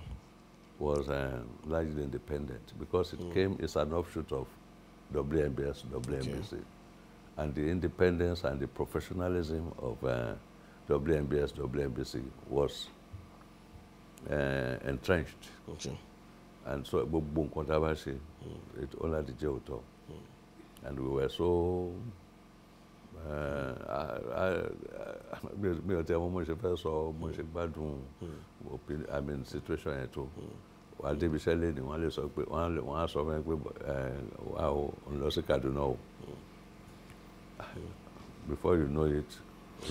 was um, largely independent because it mm. came as an offshoot of WNBS WNBC okay. and the independence and the professionalism of uh, WNBS WNBC was. Eh, entrenched and so gbogbo controversy, tá hmm. it only ti jẹ́ òótọ́ hmm. and we were so eh, mi ò tẹ ọmọ mo ṣe fẹ́ sọ mo ṣe hmm. gbádùn i mean situation yẹn tó wàá débi iṣẹ́ lẹ́nu wọ́n lè sọ pé wọ́n á sọ fún mi pé wà ó ń lọ sí Kaduna o before you know it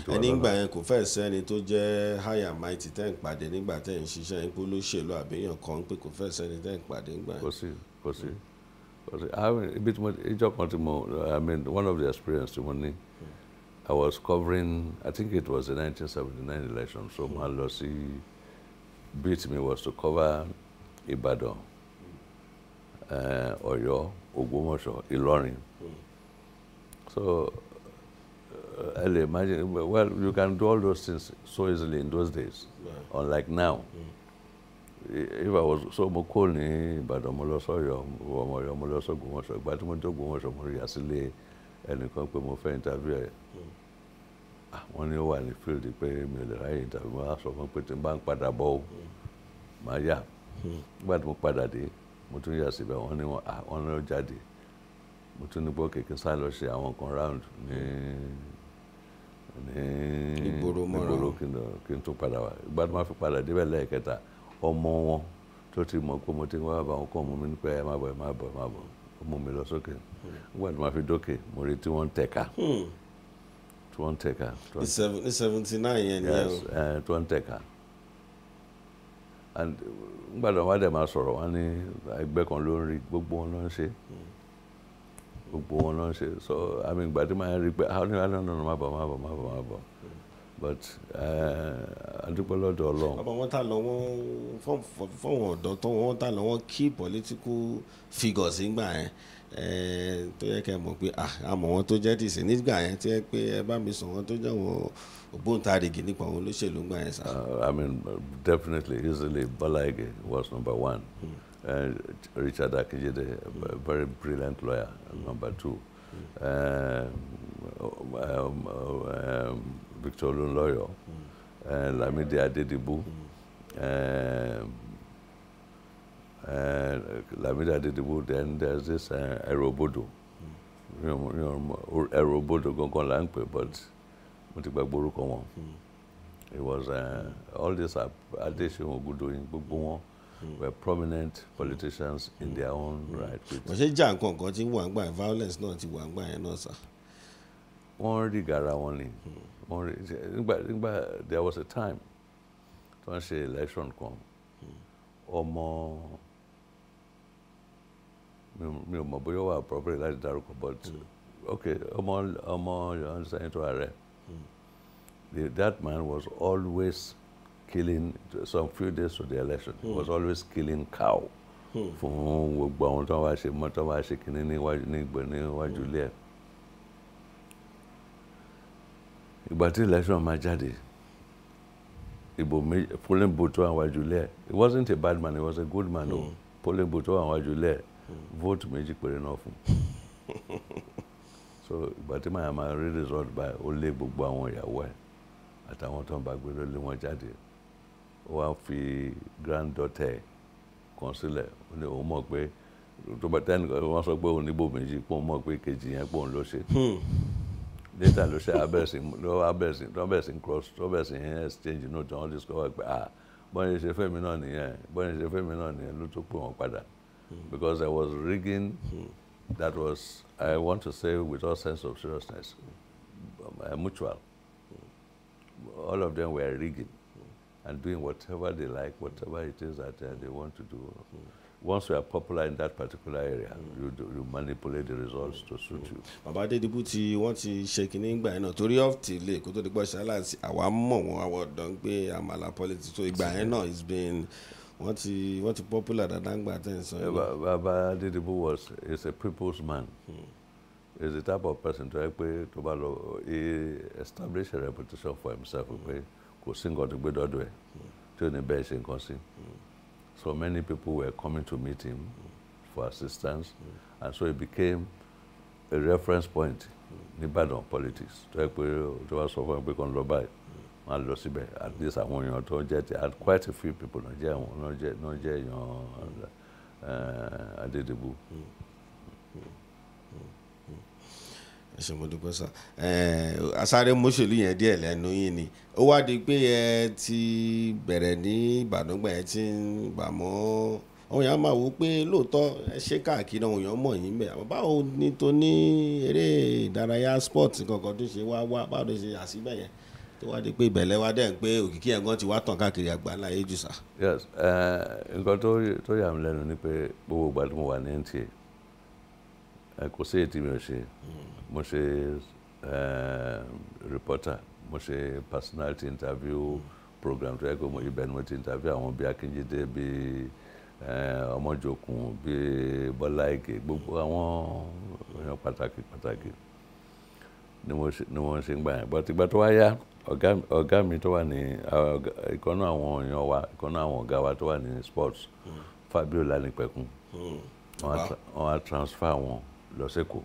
ẹni gbà yẹn kò fẹ́ẹ̀ sẹ́ni tó jẹ́ high and mighty tẹ́ ń pàdé nígbà tẹ́ ń ṣiṣẹ́ yín polóṣèlú àbíyàn kan pé kò fẹ́ẹ̀ sẹ́ni tẹ́ ń pàdé ńgbà yẹn. kò sí kò sí kò sí ibi tí mo ìjọ kan tí mo i mean one of the experience tí mo ní i was covering i think it was the nineteen seventy nine election so mo lọ sí beat me was to cover Ìbàdàn eh, Ọ̀yọ́ Ògbómọ̀ṣọ́ Ìlọrin so uh, early. Imagine, well, you can do all those things so easily in those days, right. unlike now. Mm. If I was so mo but I'm Ìbàdàn mo lọ sọ́yọ́ ọmọ Ọ̀yọ́ mo lọ sọ́gun wọn sọ ìgbà tí you dógun wọn sọ mo rí àsílẹ̀ interview ẹ̀ mm. ah, wọ́n ní ó wà ní field pé mi ò lè ráyè interview mo á sọ fún pé tí n bá ń padà bọ̀ o mm. màá yà mm. nígbà tí mo padà dé mo tún yà síbẹ̀ wọ́n ní wọ́n á ah, wọ́n jáde mo tún ní bọ́ọ̀kì kí n sá lọ ṣe àwọn kan round ní ní ìgboro mọ́ra kí n tún padà wá ìgbà tó máa fi padà débẹ̀ lẹ́ẹ̀kẹta ọmọ wọn tó ti mọ̀ pé mo ti ń wá bá wọn kọ́ mú mi ní pé ẹ má bọ̀ ẹ má bọ̀ ẹ má bọ̀ ó mi lọ sókè nígbà tó máa fi dókè mo rí tí wọ́n ń tẹ̀ka hmm. tí wọ́n ń tẹ̀ka. ní seventy nine yẹn ni ẹ o. tí wọ́n ń tẹ̀ka and nígbà tó wọ́n á dẹ̀ máa sọ̀rọ̀ wọ́n ní ẹgbẹ́ kan ló ń rí gbogbo wọn ló ń ṣe. Hmm gbogbo wọn náà ṣe so i mean gbàdé máa rí pé ah no no má bọ̀ má bọ̀ má bọ̀ má bọ̀ but eh, adúpẹ́ ọlọ́run. àbọ̀ wọn ta lọ wọn fọwọn ọ̀dọ́ tó wọn ta lọ wọn kí political figures ńgbà yẹn eh, tó yẹ kẹ́ mọ̀ pé àmọ́ ah, wọn tó jẹ́ dìsìn nígbà yẹn tó yẹ pé ẹ bá mi sọ wọn tó jẹ́ wọn ògbóǹtarìgì nípa àwọn olóṣèlú ńgbà yẹn sá. Uh, i mean definitely easily Bọ́lá Ìgè was number one. Hmm uh, Richard Akijide, a very brilliant lawyer, number two. Uh, um, um, um, Victor Olunloyo, uh, Lamidi Adedibu, uh, uh, Lamidi Adedibu, then there's this uh, Aerobodo. You know, Aerobodo gangan la ń pè but mo ti gbàgbọ́ orúkọ wọn. It was uh, all this Adeseun Ogudoyin gbogbo wọn. Mm -hmm were prominent politicians in their own right. wọ́n ṣe jà nǹkan kan tí wà ń gbà violence náà ti wà ń gbà yẹn náà sà. wọ́n rí gara wọn ni wọ́n rí nígbà nígbà there was a time tí wọ́n ṣe election kan ọmọ mi ò mọ̀ bóyá wà appropriate láti dárúkọ but okay ọmọ ọmọ sẹ́yìn tó ààrẹ that man was always killing some few days to the election mm. he was hmm. always killing cow hmm. fún gbogbo àwọn tó wá ṣe mọ́ tó wá ṣe kínní níwájú nígbẹ́ níwájú hmm. ilé ẹ̀ ìgbà tí election máa jáde ìbò méjì polling booth tó wà wájú ilé ẹ̀ It wasn't a bad man It was a good man o polling booth tó wà wájú ilé ẹ̀ vote méjì péré náà fún so ìgbà tí màá máa rí result báyìí ó lé gbogbo àwọn ìyàwó ẹ̀ àtàwọn tó ń bá gbé lólé wọn jáde wá fi granddaughter kan sílẹ̀ ó ní òun mọ̀ pé tó bá tẹ́nì kan wọ́n sọ pé òun níbò méjì pé òun mọ̀ pé kejì yẹn pé òun ló ṣe hmm. later ló ṣe abẹ́sìn ló abẹ́sìn tó abẹ́sìn cross tó abẹ́sìn yẹn exchange náà tí discover pé ah bọ́n ṣe fẹ́mi náà nìyẹn bọ́n ṣe fẹ́mi náà nìyẹn ló tó pè wọ́n padà hmm. because there was rigging hmm. that was I want to say with all sense of seriousness uh, mutual all of them were rigging and doing whatever they like, whatever it is that uh, they want to do. Mm. Once you are popular in that particular area, mm. you, do, you manipulate the results mm. to suit mm. you. Bàbá Adédìbú tí wọ́n ti ṣe kínní ìgbà yẹn náà torí ọ̀tí ilé kó tó di pọ̀ ṣáláàsì àwa mọ̀ wọn àwọ̀ ọ̀dàn pé àmàlà politics so ìgbà yẹn náà is been wọ́n ti wọ́n ti popular dáadáa ń gbà tẹ̀sán. Bàbá Adédìbú was is a people's man. Mm. He's the type of person tó yẹ pé tó bá lọ he established a reputation for himself pé. Mm kò sí nǹkan tó gbé dọ́dọ̀ ẹ̀ tí ò ní bẹ́ẹ̀ ṣe nǹkan sí. So many people were coming to meet him for assistance and so he became a reference point nìbàdàn politics tó yẹ pé tó bá sọ fún ẹ pé kò ń lọ báyìí wọn lọ síbẹ̀ at least àwọn èèyàn tó ń jẹ́ ti and quite a few people náà jẹ́ àwọn náà jẹ́ èèyàn uh, Adédìbú. Mm. Mm ẹ ṣé mo dúpẹ́ sà asáré mọ́ṣẹ́lú yẹn díẹ̀ lẹ́nu yín ni ó wá di pé ẹ ti bẹ̀rẹ̀ ní ìbàdàngbà ẹ ti ń gbà mọ́ àwọn èèyàn máa wò ó pé lóòótọ́ ẹ ṣe káàkiri àwọn èèyàn mọ̀ yín bẹ́ẹ̀ àmọ́ báwo ni tó ní eré ìdárayá sport kankan tó ṣe wá wá báwo ló ṣe àṣìbẹ̀ yẹn tó wá di pé ìbẹ̀lẹ̀ wá dẹ̀ ń pé òkìkí ẹ̀gán ti wá tàn káàkiri àgbáńlá yé jù sà. yes nǹkan tó yà mí lẹ́nu ni pé gbogbo ìgbà tí mo wà ní nta kò sí ètí mi ò ṣe mo ṣe reporter mo ṣe personality interview program tó yẹ kó mo ibẹ̀ ni mo ti interview àwọn bíi Akínjídé bíi Ọmọjòkun bíi Bọ́lá Ìgè gbogbo àwọn èèyàn pàtàkì pàtàkì ni mo ṣe ń gbà yẹn but ìgbà tó wá yá ọ̀gá mi tó wà ní ìkànnà àwọn èèyàn wa ìkànnà àwọn ọ̀gá wa tó wà ní sports Fabiola Nípẹ̀kun hmm. wọ́n á transfer wọn lọ sẹ́kọ̀ọ́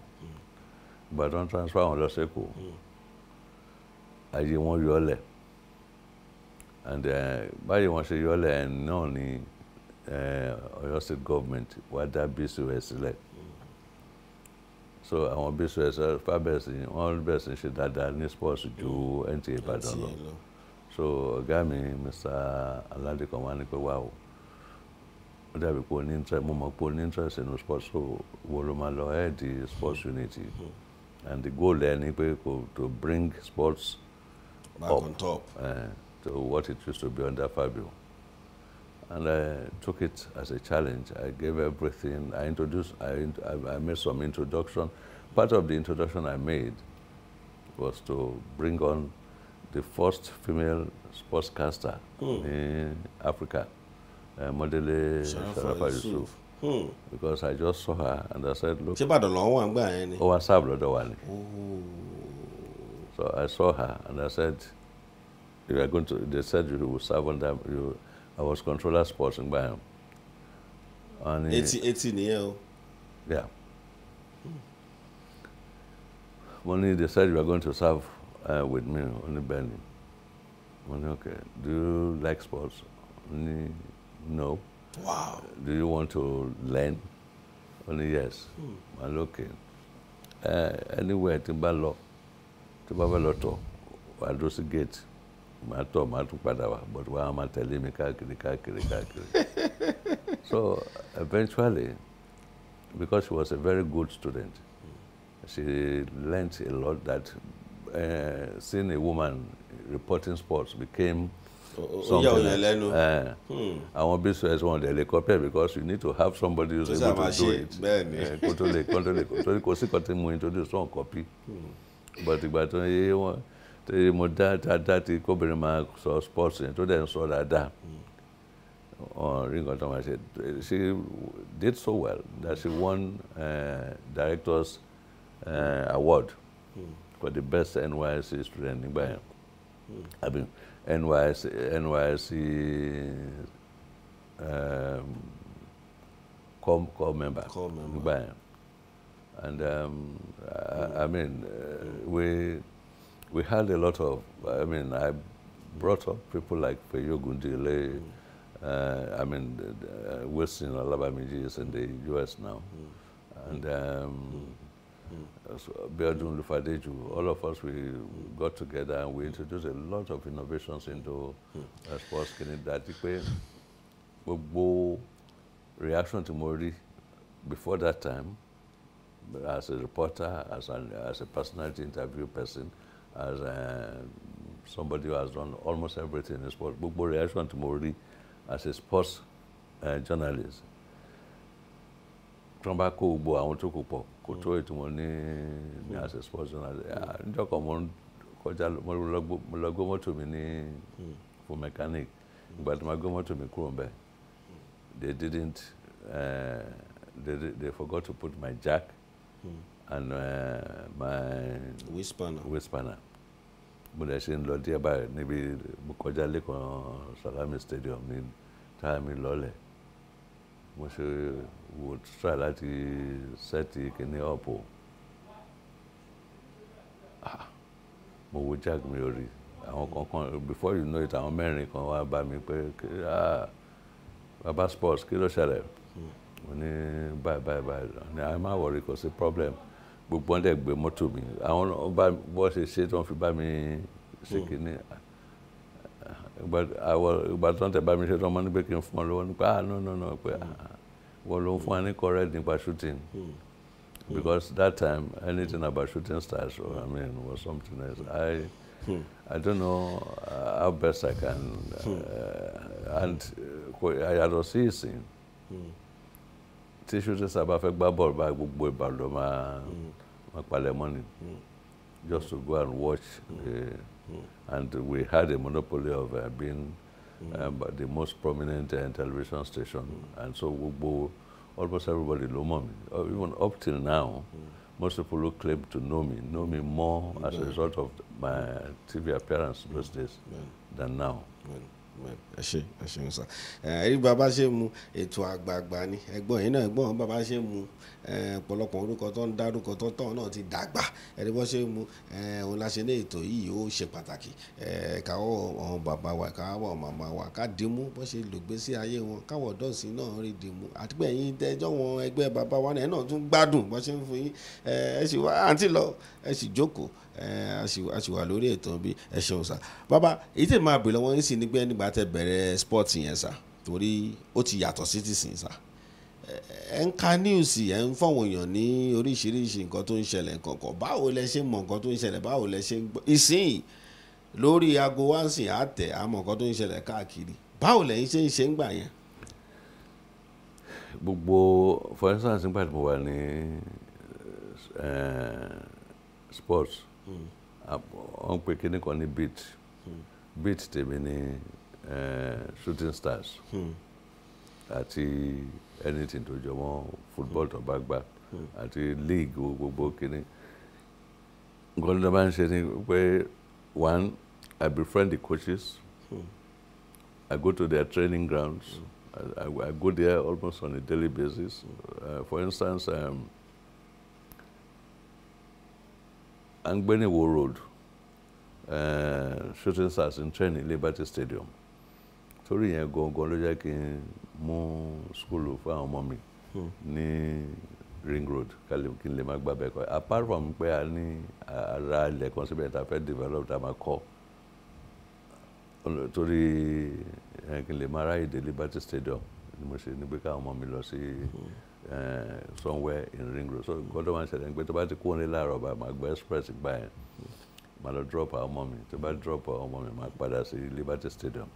ìgbà tó ń transfer wọn lọ sẹ́kọ̀ọ́ ayé wọn yọlẹ̀ and eh, báyìí wọn ṣe yọlẹ̀ náà ni eh, Ọ̀yọ́ state government wá dá bcos sílẹ̀ so àwọn bcos fábẹ́ẹ̀sì wọ́n bẹ̀rẹ̀ sí ṣe dáadáa ní sports ju NTA Ìbàdàn lọ so ọ̀gá mi Mr. Aládé kan wá ní pé wá o. dàbí pé ní interest mo mọ̀ pé ní interest nínú sports so wo ló lọ head sports unity mm-hmm. and the goal ẹ ni pé kò to bring sports back up, on top uh, to what it used to be under Fabio and I took it as a challenge. I gave everything. I introduced, I, I, made some introduction. Part of the introduction I made was to bring on the first female sportscaster mm. in Africa. uh, Modele Sharafa Yusuf hmm. because I just saw her and I said look. ṣé Ìbàdàn lọ́wọ́ à ń gbà yẹn ni. ó wá sáàbù lọ́dọ̀ wa ni. Hmm. So I saw her and I said you are going to they said you will serve under you I was controller sports ń gbà yẹn. and eighty eighty nìyẹn o. yeah. mo ní they said you are going to serve uh, with me ó ní bẹ́ẹ̀ ni okay do you like sports? mo ní. No. Wow. Do you want to learn? Only yes. Màá hmm. lókè. Eh, anywhere tí n bá lọ, tí n bá fẹ́ lọ tọ̀, wà á dúró sí gate. Màá tọ̀, màá tún padà wá, but wàá máa tẹ̀lé mi káàkiri So eventually, because she was a very good student, she learnt a lot that uh, seeing a woman reporting sports became something like eh. hmm. àwọn business wọn dẹ̀ lè copy because you need to have somebody who's able to do it eh, kó tó lè kó tó lè torí kò sí kan tí mo introduce wọn copy hmm. but ìgbà tó ń yé wọn tí mo dá dáadáa tí kóbìnrin máa sọ sports yẹn tó dẹ̀ ń sọ dáadáa on ring on time. I said she did so well that she won uh, directors uh, award hmm. for the best NYSC student nígbà yẹn. Mm. I mean, NYC, NYC um, core, core member. Core member. And um, I, I, mean, uh, we, we had a lot of, I mean, I brought up people like Peyo Gundile, uh, I mean, uh, Wilson Alabamiji is in the US now. Mm. And um, Biodun Lufadeju, all of us, we got together and we introduced a lot of innovations into uh, sports clinic that pé reaction to mo before that time as a reporter, as, an, as a personality interview person, as a, um, somebody who has done almost everything in sports, gbogbo reaction to mo as a sports uh, journalist tí wọ́n bá kó gbogbo àwọn tó kù pọ̀ kò tó ètò wọn ní ní àṣẹ sports journalist níjọ́kọ̀ mo ń kọjá mo lọ gbé mọ́tò mi ní fún mechanic ìgbà tí mo gbé mọ́tò mi kúrò mbẹ́ they didn't uh, they, they forgot to put my jack and uh, my wheel spanner wheel spanner mo lè ṣe ń lọ díẹ̀ báyìí níbi mo kọjá lẹ́kọ̀ọ́ Salami Stadium ní táàmì lọ́lẹ̀ mo ṣe wò try láti sẹ́ẹ̀tì kìíní ọ̀pọ̀ ah, mo wo jack mi ò rí àwọn kankan before you know it àwọn mẹ́rin kan wá bá mi pé ah, baba sports kí ló ṣẹlẹ̀ mo ní bye bye. báyìí ní àyè má wọrí kò sí problem gbogbo ọ̀n dẹ̀ gbé mọ́tò mi àwọn bá bọ́ ṣe ṣe tí wọ́n fi bá mi ṣe hmm. kìíní ìgbà tó ń tẹ̀ bá mi ṣe tán ọmọ nígbè kí n fún ọ lọ́wọ́ nípa ah no no no pé ah, wọ́n ló ń fún wa ní correct nípa shooting hmm. because hmm. that time anything about shooting stars or oh, I mean was something else I hmm. I don't know uh, how best I can uh, and uh, I yàtọ̀ sí ìsìn tí shooting star bá fẹ́ gbá bọ́ọ̀lù bá gbogbo Ìbàdàn máa máa palẹ̀ mọ́ just to go and watch. Uh, And we had a monopoly of uh, being um, the most prominent uh, television station. And so Wugbo, almost everybody know me. Uh, even up till now, most people who claim to know me know me more as a result of my TV appearance those days than now. ẹ ṣe ẹ ṣeun sá ẹrí bàbá ṣe mu ètò àgbààgbà ni ẹ̀gbọ́n yìí náà ẹ̀gbọ́n bàbá ṣe mu ọ̀pọ̀lọpọ̀ orúkọ tó ń dárúkọ tó tán náà ti dàgbà ẹrí bọ́ ṣe mu òun la ṣe ní ètò yìí ó ṣe pàtàkì káwọ́ ọ̀hún bàbá wa káwọ́ màmá wa ká dìímú bọ́ ṣe lògbé sí ayé wọn káwọ́ dọ́ọ̀sì náà rí dìímú àti pé ẹ̀yin tẹ́jọ́ wọn ẹgbẹ́ bàbá wa náà tún gbádùn bọ́ ṣe ń fún yín ẹ sì wá àǹtí lọ ẹ sì jókòó a sì wà lórí ètò bí ẹ ṣeun bàbá èyí tèmi máa bè lọ́wọ́ yín sì nígbẹ́ nígbà tẹ bẹ̀rẹ̀ sport yẹn torí ó ti yàtọ̀ sí ti sìn sá ẹ ń ka news ẹ ń fọwọ́n èèyàn ní oríṣiríṣi nǹkan tó ń ṣẹlẹ̀ kọ̀ọ̀kan báwo lẹ ṣe mọ̀ nǹkan tó ń ṣẹlẹ̀ báwo lẹ ṣe ń gbọ́ ìsìn lórí aago wá ń sìn nǹkan tó ń káàkiri báwo ṣe ń ṣe ń gbà yẹn. gbogbo for instance nígbà tí mo wà ní sports wọ́n pè kíní kan ní beat beat tèmi ní shooting stars àti anything tó jọ mọ́ football tó bá gbà àti league gbogbo kíní nǹkan tó bá ń ṣe ni pé one I befriend the coaches hmm. I go to their training grounds hmm. I, I, I go there almost on a daily basis hmm. uh, for instance. Um, à ń gbé ní Ìwó eh, shooting stars in Training Liberty Stadium torí yẹn gangan ló jẹ́ kí n mú skulu fún àwọn ọmọ mi hmm. ní ring road kí n lè má gbàgbẹ́ kọ́ apart from pé a ní ara ilẹ̀ kan síbẹ̀ tá a fẹ́ develop tá a máa kọ́ torí eh, kí n lè má ráyè dé Liberty Stadium ni mo ṣe ní pé káwọn ọmọ mi lọ sí. Hmm somewhere in Ring Road so nǹkan said, máa ń ṣẹlẹ̀ ní pé tó bá ti kúrò ní láàárọ̀ bá máa gba express gbà yẹn máa lọ drop àwọn ọmọ mi tó bá drop àwọn ọmọ mi máa padà sí Liberty Stadium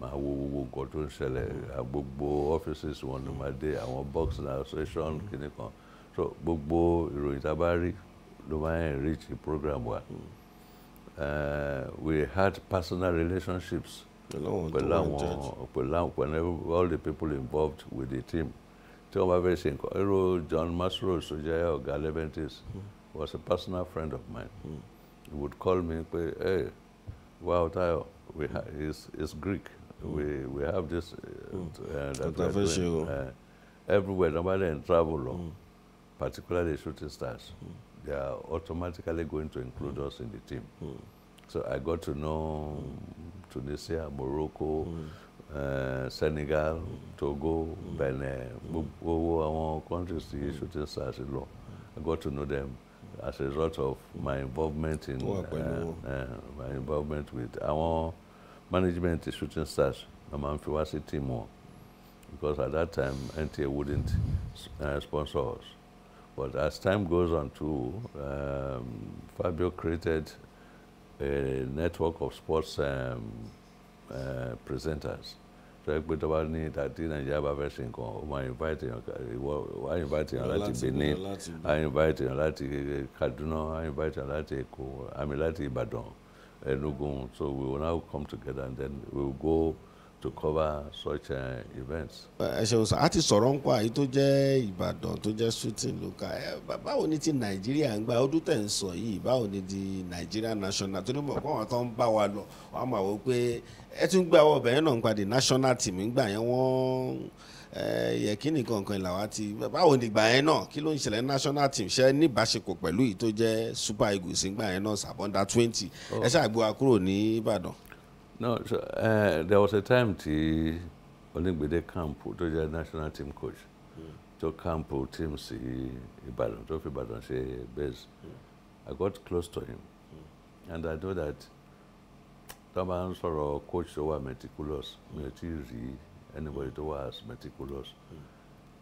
máa wo gbogbo nǹkan tó ń ṣẹlẹ̀ gbogbo offices wọn ni máa dé àwọn box náà station kìíní kan so gbogbo ìròyìn tá a bá rí ló máa ń enrich the program wa we had personal relationships pẹ̀lú àwọn pẹ̀lú àwọn pẹ̀lú all the people involved with the team tí wọ́n bá fẹ́ ṣe nǹkan irú John Masrose tó jẹ́ ọ̀gá Leventis was a personal friend of mine mm. he would call me pé hey wa wow, we ha he's, he's Greek we we have this intervention uh, mm. uh, everywhere nobody in travel mm. particularly shooting stars mm. they are automatically going to include mm. us in the team mm. so I got to know mm. Tunisia Morocco. Mm. Eh, Senegal Togo Benin gbogbo àwọn countries tí shooting stars lọ I got to know them as a result of my involvement in uh, uh, my involvement with àwọn management shooting stars na máa ń fi wá sí team wọn because at that time NTA wouldn't uh, sponsor us but as time goes on too um, Fabio created a network of sports um, uh, presenters tọ́ pé tọ́ bá ní tàbí nàìjíríà bá fẹ́ sin nǹkan ó máa invite èèyàn ìwọ wá invite èèyàn láti benin á invite èèyàn láti kaduna á invite èèyàn láti èkó àmì láti ìbàdàn enugu so we will now come together and then we will go to cover such uh, events. ẹ ṣeun sá a ti sọ̀rọ̀ ń pa èyí tó jẹ́ ìbàdàn tó jẹ́ shooting luka. ẹ báwo ni ti nàìjíríà ń gba ọdún tẹ̀ ń sọ yìí báwo ni di nàìjíríà national tó ní mọ̀ kó àwọn tó ń bá wa lọ wọ́n á máa wọ pé ẹ tún gbé àwọn ọbẹ̀yẹn náà ń padì national team ńgbà yẹn wọ́n yẹ kí nìkan kan làwa ti báwo ni ìgbà yẹn náà kí ló ń ṣẹlẹ̀ national team ṣe níbáṣepọ̀ pẹ̀lú yìí tó jẹ́ super eagles ńgbà yẹn náà sàbọ̀ndà twenty ẹ oh. ṣàgbéwá kúrò ní ìbàdàn no so uh, there was a time tí onígbèdé camp tó jẹ́ national team coach hmm. tó camp team sí Ìbàdàn tó fi Ìbàdàn ṣe base hmm. I got close to him hmm. and I know that tó bá ń sọ̀rọ̀ coach tó wà meticulous mi ò tí ì rí anybody tó wà as meticulous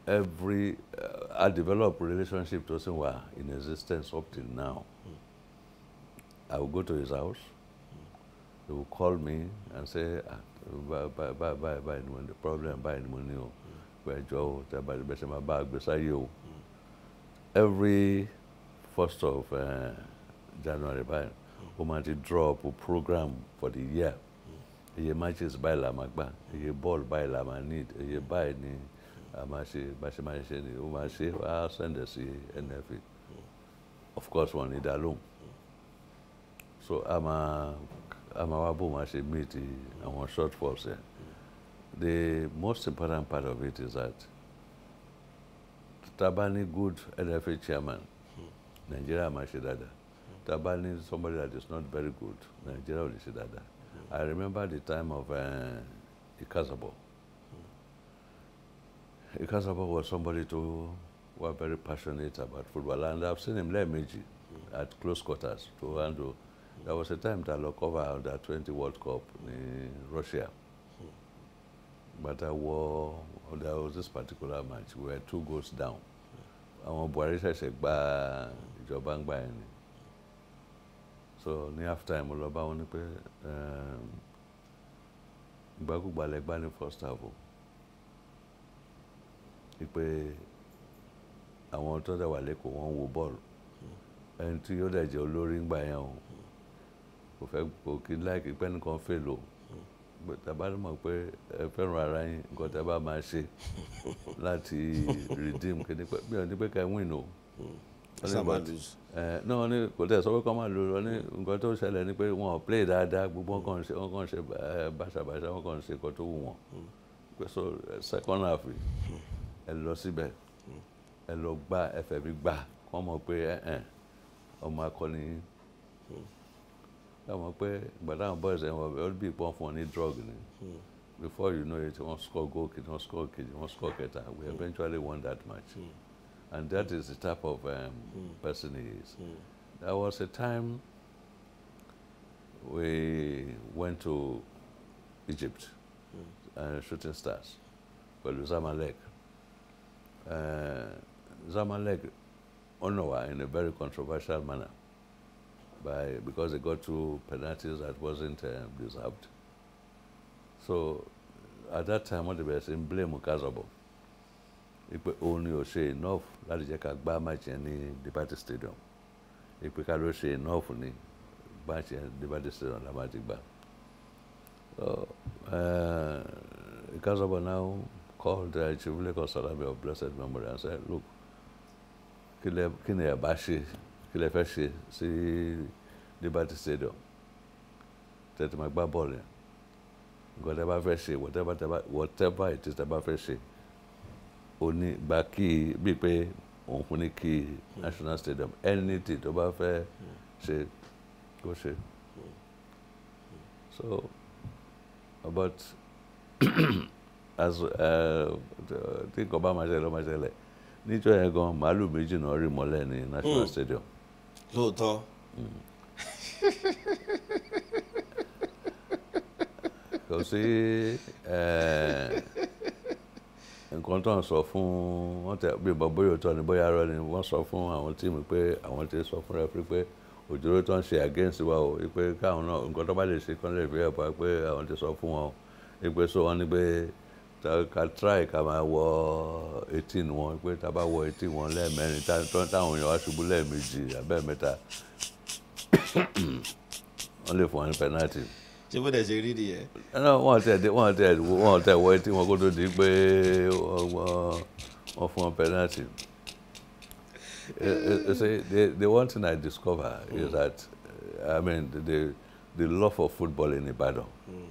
every uh, I develop relationship to sì wà in existence up till now I will go to his house they will call me and say buy buy buy buy the mo ní problem báyìí ni mo ní o gbẹjọ o tẹ báyìí bẹsẹ máa bá agbèsáyé o every first of uh, January buy. o máa ti draw up a program for the year iye matches buy la máa gbà iye ball buy la máa need iye báyìí ni a máa ṣe bá ṣe máa ṣe ni o máa ṣe á send ẹ sí NFA of course wọn ní ìdálóhùn so a máa a máa wá bó wọn ṣe meet àwọn shortfalls yẹn the most important part of it is that tabani good NFA chairman Nigeria máa ṣe dáadáa tabani somebody that is not very good Nigeria ò lè ṣe dáadáa I remember the time of uh, eh, Ikazabo Ikazabo was somebody to were very passionate about football and I've seen him lẹ́ẹ̀mejì at close quarters to handle there was a time that lọ cover under 20 world cup in Russia but I wore there was this particular match where two goals down àwọn Buhari ṣẹ̀ṣẹ̀ gba ìjọba ń gba ẹ̀ ni so ní half time mo lọ bá wọn ní pé um, ìgbàkúgbà lẹ́gbàá ní first half o pé àwọn tó dẹ̀ wà lẹ́kọ̀ọ́ wọn ń wo bọ́ọ̀lù ẹni tí ó dẹ̀ jẹ́ olórí ń gbà yẹn o kò fẹ́ kò kí n láìkí pẹ́ nìkan fẹ́ lò tàbá ló mọ̀ pé ẹ fẹ́ràn ara yín nǹkan tá a bá máa ṣe láti redeem kíní pẹ́ bí wọ́n ní pé ká win o. náà wọ́n ní kò tẹ̀ sọ pé kọ́ máa lò wọ́n ní nǹkan tó ṣẹlẹ̀ ni pé wọ́n play dáadáa gbogbo wọn kàn ṣe wọ́n kàn ṣe báṣabàṣa wọ́n kàn ṣe nǹkan tó wù wọ́n. so second half ẹ lọ síbẹ̀ ẹ lọ gbá ẹ fẹ́ mi gbá kọ́ mọ̀ pé ọmọ akọni láwọn pé gbàdá àwọn boys ẹ̀ wọ́n bẹ̀ ọ́n bí ìpọ́n fún ọ ní drug ni hmm. before you know it wọ́n score goal kejì wọ́n score kejì wọ́n score kẹta we hmm. eventually won that match hmm. and that is the type of um, person he is. There was a time we went to Egypt mm. Shooting Stars pẹ̀lú Zamalek. Uh, Zamalek honour in a very controversial manner by because they got two penalties that wasn't uh, deserved. So at that time what they were saying blame Kazabo If we only say enough that is ká gbá match yẹn the party Stadium ipe ká ló say enough ní match the party Stadium la máa ti gbà. So uh, Kazabo now called uh, Chief Lagos Salami of blessed memory and said look kí ni ẹ bá ṣe kí lè fẹ́ ṣe sí Liberty Stadium tẹ̀tẹ̀ máa gbá bọ́ọ̀lù yẹn nǹkan tẹ́ bá fẹ́ ṣe whatever tẹ́ bá whatever it is tẹ́ bá fẹ́ ṣe ó ní gba kíì bíi pé òun fún ní kíì National Stadium anything tó bá fẹ́ ṣe kó ṣe so about as uh, tí nǹkan bá máa ṣẹlẹ̀ ó máa ṣẹlẹ̀ níjọ́ yẹn gan màálù méjì náà rí mọ́lẹ̀ ní National hmm. Stadium lóòótọ́ kò sí eh, nǹkan tó ń sọ fún wọn tẹ bí ìbọn bóyá òótọ́ ni bóyá arọ ni wọ́n sọ fún àwọn tíìmù pé àwọn ti sọ fún rẹ́fírí pé òjòrò tó ń ṣe against wa o pé káwọn náà nǹkan tó bá lè ṣe kán lè fi ẹ̀pà pé àwọn ti sọ fún wọn o pé so wọ́n ní pé ká try ká máa wọ eighteen wọn pé tá a bá wọ eighteen wọn lẹ́ẹ̀mẹ́rin táwọn èèyàn wá ṣubú lẹ́ẹ̀mejì àbẹ́ẹ̀mẹ́ta wọ́n lè fún wọn ní penalty ṣé bó dẹ̀ ṣe rí nìyẹn. wọ́n tẹ̀ wọ́n tẹ̀ wọ́n tẹ̀ wọ́ etí wọn kó tó di pé wọ́n fún wọn penalty. Eh. Eh, eh, the the one thing I discover mm. is that I mean the the love of football in Ibadan mm.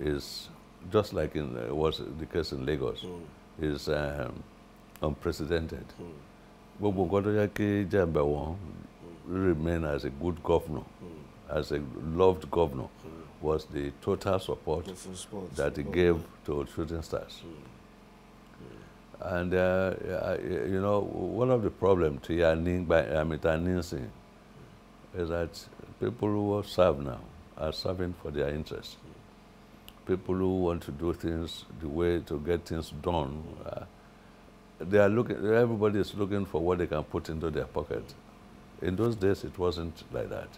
is just like in uh, was the case in Lagos, mm. is um, unprecedented. Hmm. Gbogbo nǹkan tó yẹ kí Jembe won hmm. remain as a good governor, mm. as a loved governor, mm. was the total support that he gave to shooting stars. Hmm. And uh, you know, one of the problems to Yanin by Amitaninsin is that people who serve now are serving for their interests. people who want to do things the way to get things done. Uh, they are looking. Everybody is looking for what they can put into their pocket. In those days, it wasn't like that.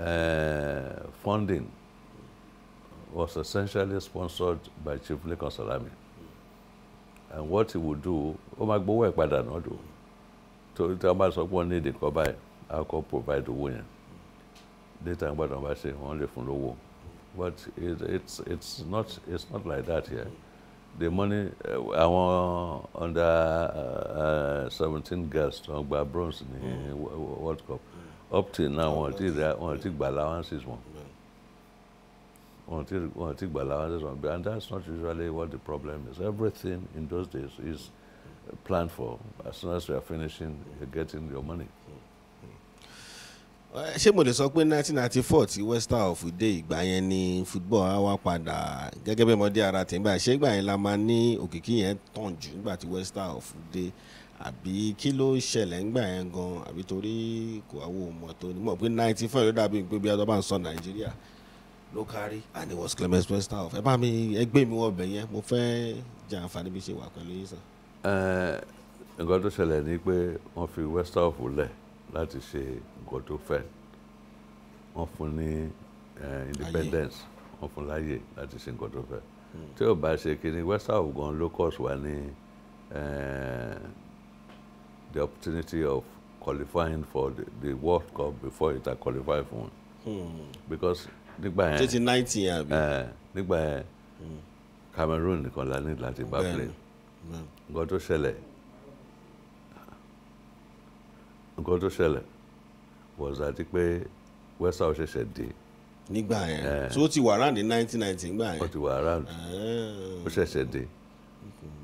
Uh, funding was essentially sponsored by Chief Lincoln Salami. And what he would do, ó máa gbowó ẹ̀ padà náà dò. Torí tí sọ pé wọ́n ní ìdíkọ́ báyìí, a provide owó yẹn. Data ń bá ṣe, wọ́n lè fún lówó but it, it's it's not it's not like that here. The money eh, àwọn uh, under uh, uh, seventeen girls tó ń gba bronze ní mm. World Cup up till now wọn ti ra wọn ti gba allowances wọn wọn ti wọn ti gba allowances wọn and that's not usually what the problem is everything in those days is planned for as soon as you are finishing you are getting your money. Mm. Eh, ṣé mo lè sọ pé 1994 tí West Ham of dé ìgbà yẹn ni football á wá padà gẹ́gẹ́ bí ọmọdé ara tẹ̀ ń gbà ṣé ìgbà yẹn la máa ní òkìkí yẹn tàn jù nígbà tí West of dé àbí kí ló ṣẹlẹ̀ ńgbà yẹn gan àbí torí kò àwọ̀ mọ̀ tó ní mọ̀ pé 94 ló dàbí pé bí ọjọ́ bá ń sọ Nàìjíríà ló kárí and it was Clemens Western of ẹ bá mi ẹgbẹ́ mi wọ ọbẹ̀ yẹn mo fẹ́ jẹ àǹfààní bí ṣe wà pẹ̀lú yín sàn. Eh, nǹkan tó ṣẹlẹ̀ ni pé wọ́n fi West of lẹ̀ láti ṣe nǹkan tó fẹ́ wọ́n fún ní independence wọ́n fún láyè láti ṣe nǹkan tó fẹ́ hmm. tí ò bá ṣe kí ni west ham gan locus wà ní the opportunity of qualifying for the, the world cup before it are qualify for one hmm. because nígbà yẹn títí ninety yẹn àbí nígbà yẹn hmm. Cameroon nìkan la ní láti bá play nǹkan tó ṣẹlẹ̀ nǹkan tó ṣẹlẹ̀ was that pé western ṣẹ̀ṣẹ̀ dé. nígbà yẹn tí eh. ó ti wà around in nineteen ninety nígbà yẹn. ó ti wà around ah. ó ṣẹ̀ṣẹ̀ dé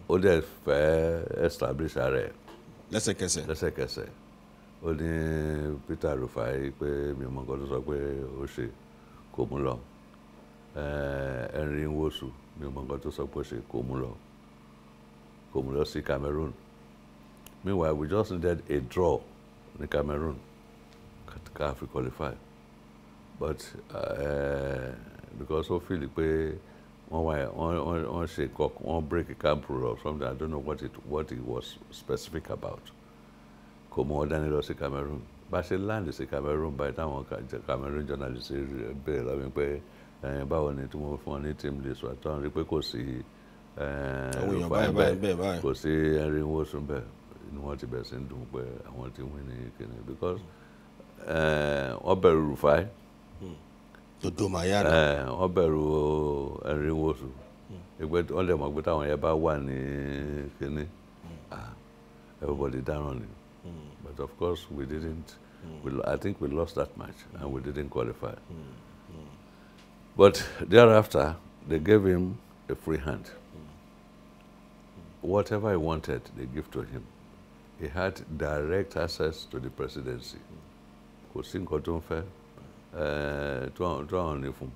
ó dẹ̀ fẹ́ establish ara ẹ̀. lẹ́sẹ̀kẹsẹ̀ lẹ́sẹ̀kẹsẹ̀ ó ní Peter Rufai pé mi mọ nǹkan tó sọ pé ó ṣe kò mú lọ eh, Henry Nwosu mi mọ nǹkan tó sọ pé ó ṣe kò mú lọ kò mú lọ sí Cameroon meanwhile we just needed a draw ní Cameroon káfí qualify but uh, eh, because ó fìlì pé wọ́n wá wọ́n wọ́n ṣe nǹkan wọ́n break camp rule or something I don't know what it what it was specific about kò mú wọn dání lọ sí Cameroon bá a ṣe land sí Cameroon báyìí táwọn Cameroon journalist bẹ̀rẹ̀ lọ́wọ́ pé ẹ̀yìn báwo ni tí wọ́n fún ọ ní team list wa tán rí pé kò sí kò sí Henry Nwosu bẹ́ẹ̀ ni wọ́n ti bẹ̀rẹ̀ sí ń dùn pé àwọn ti win ní kíni because. Mm -hmm. wọ́n bẹ̀rù Rufai wọ́n bẹ̀rù ẹ̀rínwóṣù wọ́n lè mọ̀ pé táwọn yẹn bá wà ní kínní everybody down on him but of course we didn't hmm. we, I think we lost that match and we didn't qualify hmm. Hmm. but thereafter they gave him a free hand. Whatever he wanted, they give to him. He had direct access to the presidency. kò sí nǹkan tó ń fẹ́ eh, tó àwọn ní fún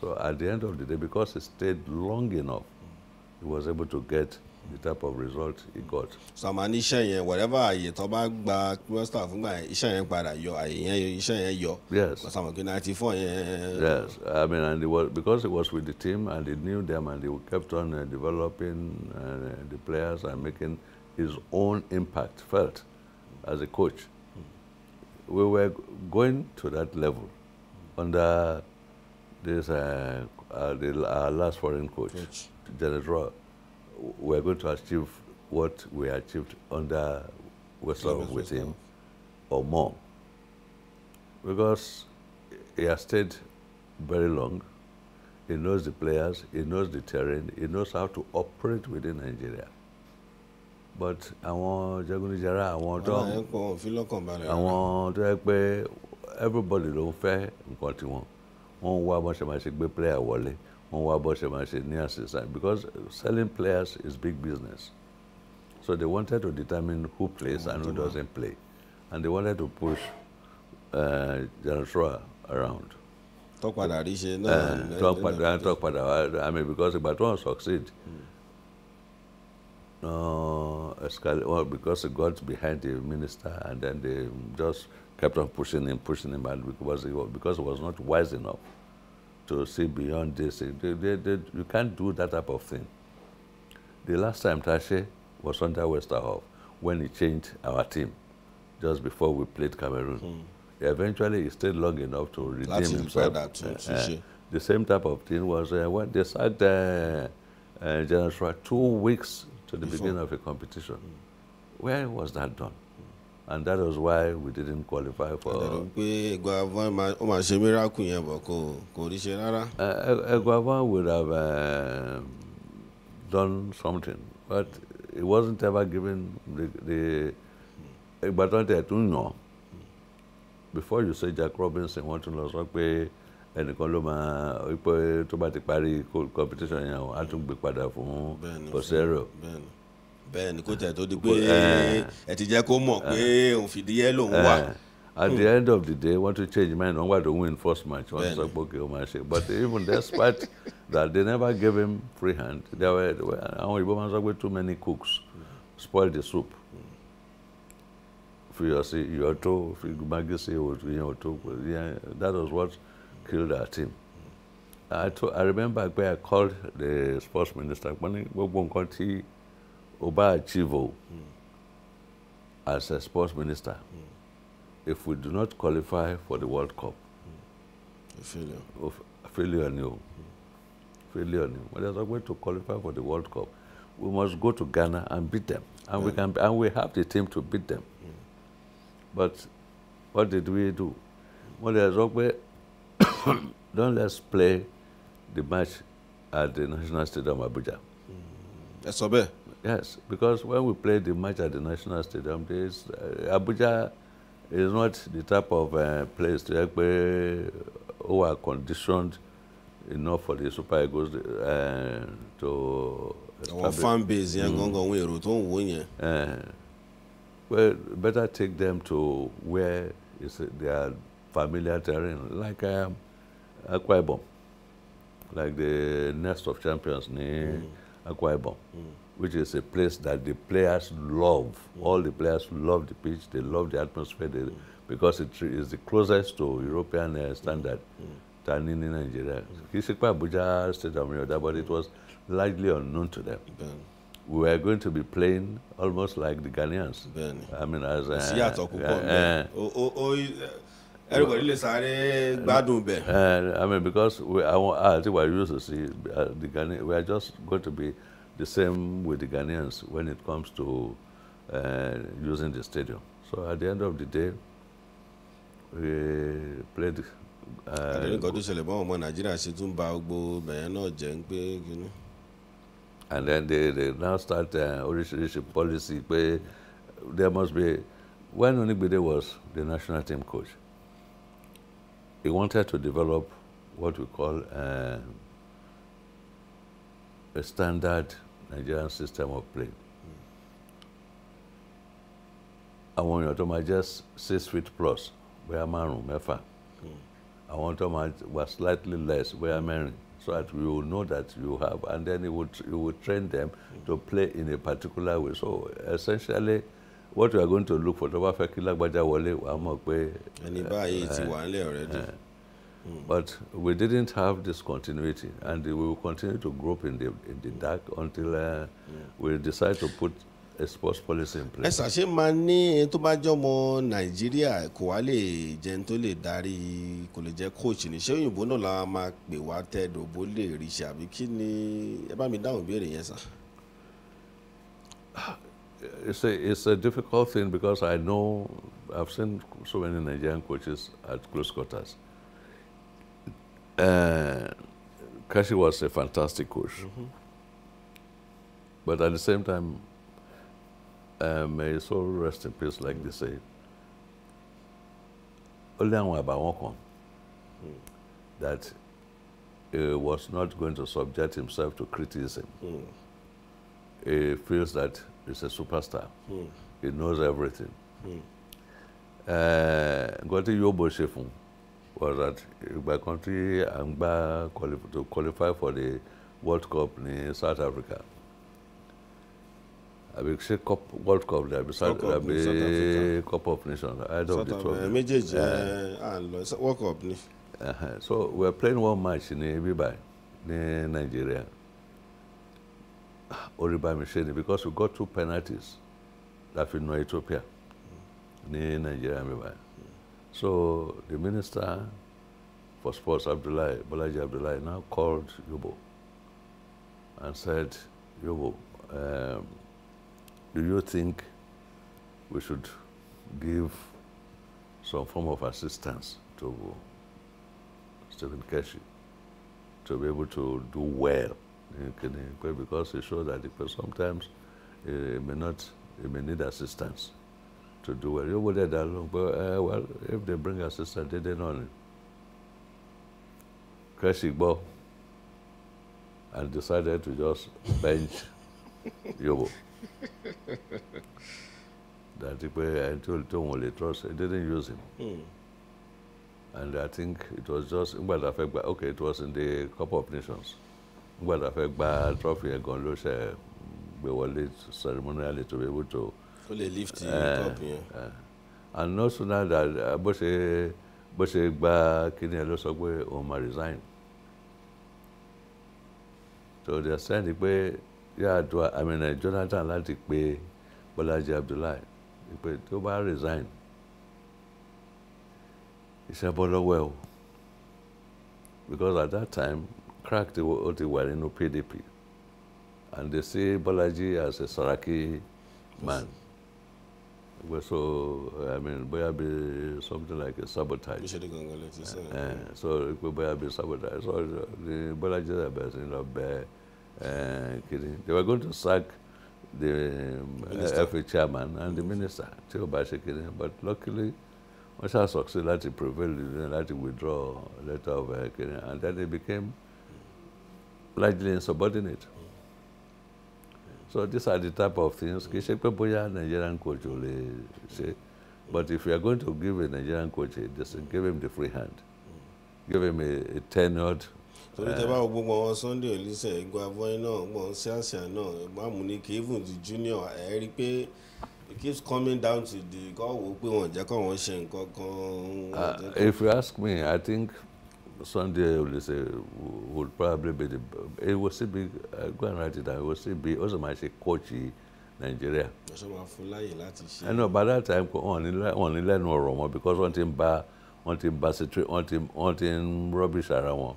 so at the end of the day because he stayed long enough he was able to get the type of result he got. sọ̀mà ní iṣẹ́ yẹn whatever àyè tó bá gba cluster fúngbà yẹn iṣẹ́ yẹn padà yọ àyè yẹn iṣẹ́ yẹn yọ. yes sọ̀mà kí ninety four yẹn. yes i mean and he was because he was with the team and he knew them and he kept on uh, developing uh, the players and making his own impact felt as a coach. we were going to that level under this uh, uh, the, our last foreign coach, General, we we're going to achieve what we achieved under Westlaw with him or more. Because he has stayed very long. He knows the players, he knows the terrain, he knows how to operate within Nigeria. but àwọn jagunijara àwọn tó àwọn tó yẹ pé everybody ló ń fẹ́ nǹkan tiwọn wọ́n ń wá bó ṣe máa ṣe gbé player wọlé wọ́n ń wá bó ṣe máa ṣe ní assistant because selling players is big business so they wanted to determine who plays and who doesn't play and they wanted to push uh, around. tó padà rí ṣe náà. Eh, tó padà tó padà wá I mean because ìgbà tó ń succeed. Mm. uh, well, because it got behind the minister and then they just kept on pushing him, pushing him, and because he was, because he was not wise enough to see beyond this. They, they, they, you can't do that type of thing. The last time Tashi was under Westerhoff when he changed our team just before we played Cameroon. Hmm. Eventually, he stayed long enough to redeem That's himself. Too, uh, uh, the same type of thing was uh, when they sacked uh, General Shura two weeks to the Before. beginning of a competition. Mm. Where was that done? Mm. And that was why we didn't qualify for. Ẹ̀dọ̀ pé uh, would have uh, done something but it wasn't ever given the the ìgbà tó before you say Jack Robinson wọ́n tún lọ sọ ẹnìkan ló máa wípé tó bá ti parí competition yẹn àwọn á tún gbé padà fún Bọ́sẹ̀rọ̀ bẹ́ẹ̀ kò tẹ̀ tó di pé ẹ ti jẹ́ kó mọ̀ pé òun fìdíyẹ́ lòun wà at the end of the day want to change mind on to win first match wọ́n sọ pé okay o máa ṣe but even despite that they never gave him free hand they were àwọn òyìnbó máa ń sọ pé too many cooks spoil the soup fi iyọ̀ sí iyọ̀ tó fi magi sí ìyẹn ò that was what killed our team. I, to, I remember when I called the sports minister when ní gbogbo nǹkan tí o as a sports minister mm. if we do not qualify for the World Cup. failure. Of, failure ni o failure on you. When is a way to qualify for the World Cup we must go to Ghana and beat them and yeah. we can and we have the team to beat them mm. but what did we do? wọ́n lè sọ pé don't let's play the match at the National Stadium Abuja. Ẹ sọ bẹ́ẹ̀. Yes, because when we play the match at the National Stadium, this, uh, Abuja is not the type of uh, place to help uh, who conditioned enough for the Super Eagles uh, to. Our fan base yẹn mm. gangan ohun èrò tó ń wò yẹn. Uh, well, better take them to where they are familiar terrain, like um, Akwa Ibom, like the nest of champions near mm. Akwa Ibom, mm. which is a place that the players love. Mm. All the players love the pitch, they love the atmosphere, they, mm. because it is the closest to European uh, standard mm. Mm. than in Nigeria. It's quite Abuja State of Murder, but it was largely unknown to them. Ben. We were going to be playing almost like the Ghanaians. Ben. I mean, as uh, everybody lè sáré gbádùn bẹ. Eh, eh, i mean because we àwọn àti we are used to see uh, the Ghanaian we are just going to be the same with the Ghanaians when it comes to uh, using the stadium so at the end of the day we played. àdéhùn tó ṣẹlẹ̀ báwọn ọmọ nàìjíríà ṣe tún ba gbogbo bẹ̀yẹn náà jẹ́ ń pé kínní. and then they they now start oríṣiríṣi uh, policy pé there must be when Onigbede was the national team coach He wanted to develop what we call uh, a standard Nigerian system of play. Mm. want you tó máa six feet plus I'm marun márùn-ún I want tó máa slightly less where I'm mẹ́rin so that you will know that you have and then you would you train them mm. to play in a particular way. So essentially, what we are going to look for tó bá fẹ́ kí lágbájá wọlé wà á mọ̀ pé. ẹni báyìí ti eh, wà nílẹ̀ already. Eh, hmm. but we didn't have this continuity and we will continue to grope in the in the dark until uh, eh, yeah. Hmm. we decide to put a sports policy in place. ẹ ṣàṣe máa ní ẹni tó bá jọmọ nàìjíríà kò wá lè jẹun tó lè darí kò lè jẹ coach ní ṣé òyìnbó náà la máa pè wá tẹ́ẹ̀dọ̀ bó lè rí ṣe àbí kí ni ẹ bá mi dáhùn ìbéèrè yẹn sà. it's a it's a difficult thing because I know I've seen so many Nigerian coaches at close quarters. Uh, Kashi was a fantastic coach, mm -hmm. but at the same time, uh, may his soul rest in peace, like mm -hmm. they say. Only one about one mm. that he was not going to subject himself to criticism. Mm. He feels that is a superstar. Mm. He knows everything. Hmm. Eh, nǹkan tí Yóòbó ṣe fún was that ìgbà country tí à to qualify for the World Cup in South Africa. Àbí ṣé World Cup ni àbí Cup of Nations. I don't know. Méjèèjì eh. Eh, à ń World Cup ni. So we are playing one match ní bíbáyìí ní Nigeria. Oriba machine because we got two penalties that we know Ethiopia, near Nigeria. So the minister for sports, Abdullah, Balaji Abdullah, now called Yobo and said, Yobo, um, do you think we should give some form of assistance to Stephen Keshi to be able to do well kìnnì pé because it shows that the sometimes he øh, may not he øh, may need assistance to do well yóò wọlé ẹ̀dá lóhùn pé ẹ well if they bring assistance dédé náà ni kẹ́sì gbọ́ and decided to just bench Yobo dàtí pé I told tóun lè trust he didn't use him. Mm. and I think it was just Ngbada Fegba, okay, it was in the Cup of Nations nígbà tá gba trọ́fì yẹn gan ló ṣe gbé wọlé ceremonially to be able to. ó lè lift cup eh, yẹn. Eh. and also now that uh, bó ṣe bó ṣe gba kíni ẹ ló sọ pé òun máa resign to the extent pé yàtọ̀ I mean uh, Jonathan láti pé Bọ́lájí Abdullahi pé tó bá resign iṣẹ́ bọ́ lọ́wọ́ ẹ o because at that time cracked the old were in PDP. And they see Balaji as a Saraki man. so, I mean, bóyá bí something like a sabotage. Bí eh, eh? eh, So, pé bóyá sabotage. So, the Balaji are best in love They were going to sack the uh, FA chairman and the minister tí ó But luckily, wọ́n ṣáà succeed prevailed prevail láti withdraw letter of uh, And then they became largely insubordinate. So these are the type of things kì í ṣe pé bóyá Nigerian coach ò lè ṣe but if you are going to give a Nigerian coach a decision give him the free hand give him a, a tenured torí tẹ bá eh, gbogbo àwọn Sunday Olise Iguavoen náà gbọ ṣíàṣìà náà ìbámu ní kí even the junior ẹ rí i pé it keeps coming down to the kọ́ wo pé wọ́n jẹ́ kọ́ wọ́n ṣe nǹkan kan. Ah, if you ask me I think Sunday would say would probably be the it will still be uh, go and write it down it will still be also my say coach Nigeria. I know by that time wọ́n ní lẹ́nu ọ̀rọ̀ wọn because one ti ba one ti ń ba wọ́n ti wọ́n ti rubbish around wọn.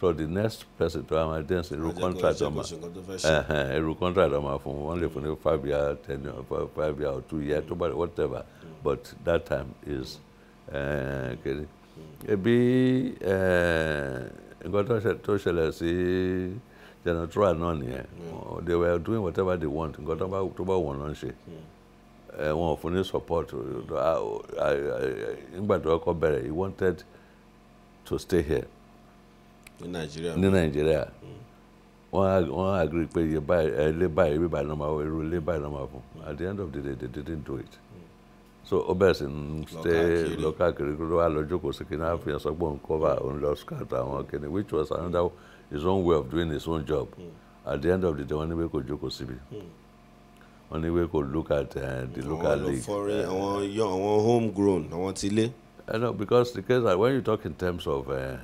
So the next person to am then say irú contract ọmọ irú contract ọmọ fún wọn lè fún ní five year ten year five year or two year whatever but that time is. Uh, ebi eh, nǹkan tó ṣẹlẹ̀ sí General Traoré náà nìyẹn hmm. they were doing whatever they want nǹkan tó bá wọ̀n náà ń ṣe hmm. eh, wọn ò fún ní support ah, ah, ah, nígbà tó kọ́kọ́ bẹ̀rẹ̀ he wanted to stay here ní Nàìjíríà ní Nàìjíríà hmm. wọ́n agree pé eh, ilé báyìí ilé báyìí náà máa wọ irú ilé báyìí náà máa fún at the end of the day they didn't do it so ó bẹ̀rẹ̀ sí ń ṣe lọ́kàkiri kó ló wá lọ jókòó sí kíní àfihàn sọ́gbọ́n ń kọ́ba òun lọ scout àwọn kíní which was another his own way of doing his own job mm. at the end of the day wọ́n ní pé kò jókòó síbi hmm. wọ́n ní pé kò look at uh, the local league. Eh. àwọn yọ àwọn home grown àwọn ti lé. I know because the case that when you talk in terms of eh,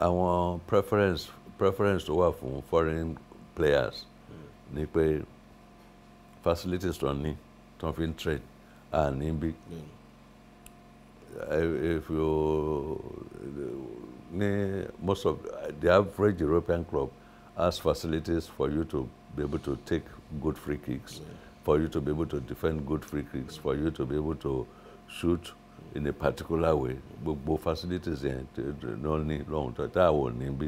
àwọn uh, preference preference tó wà fún foreign players mm. ni pé facilities tó ní tó fi ń trade and in be, if you most of the average European club has facilities for you to be able to take good free kicks, yeah. for you to be able to defend good free kicks, for you to be able to shoot in a particular way. Both facilities yẹn náà ní lọ́hùn tó tá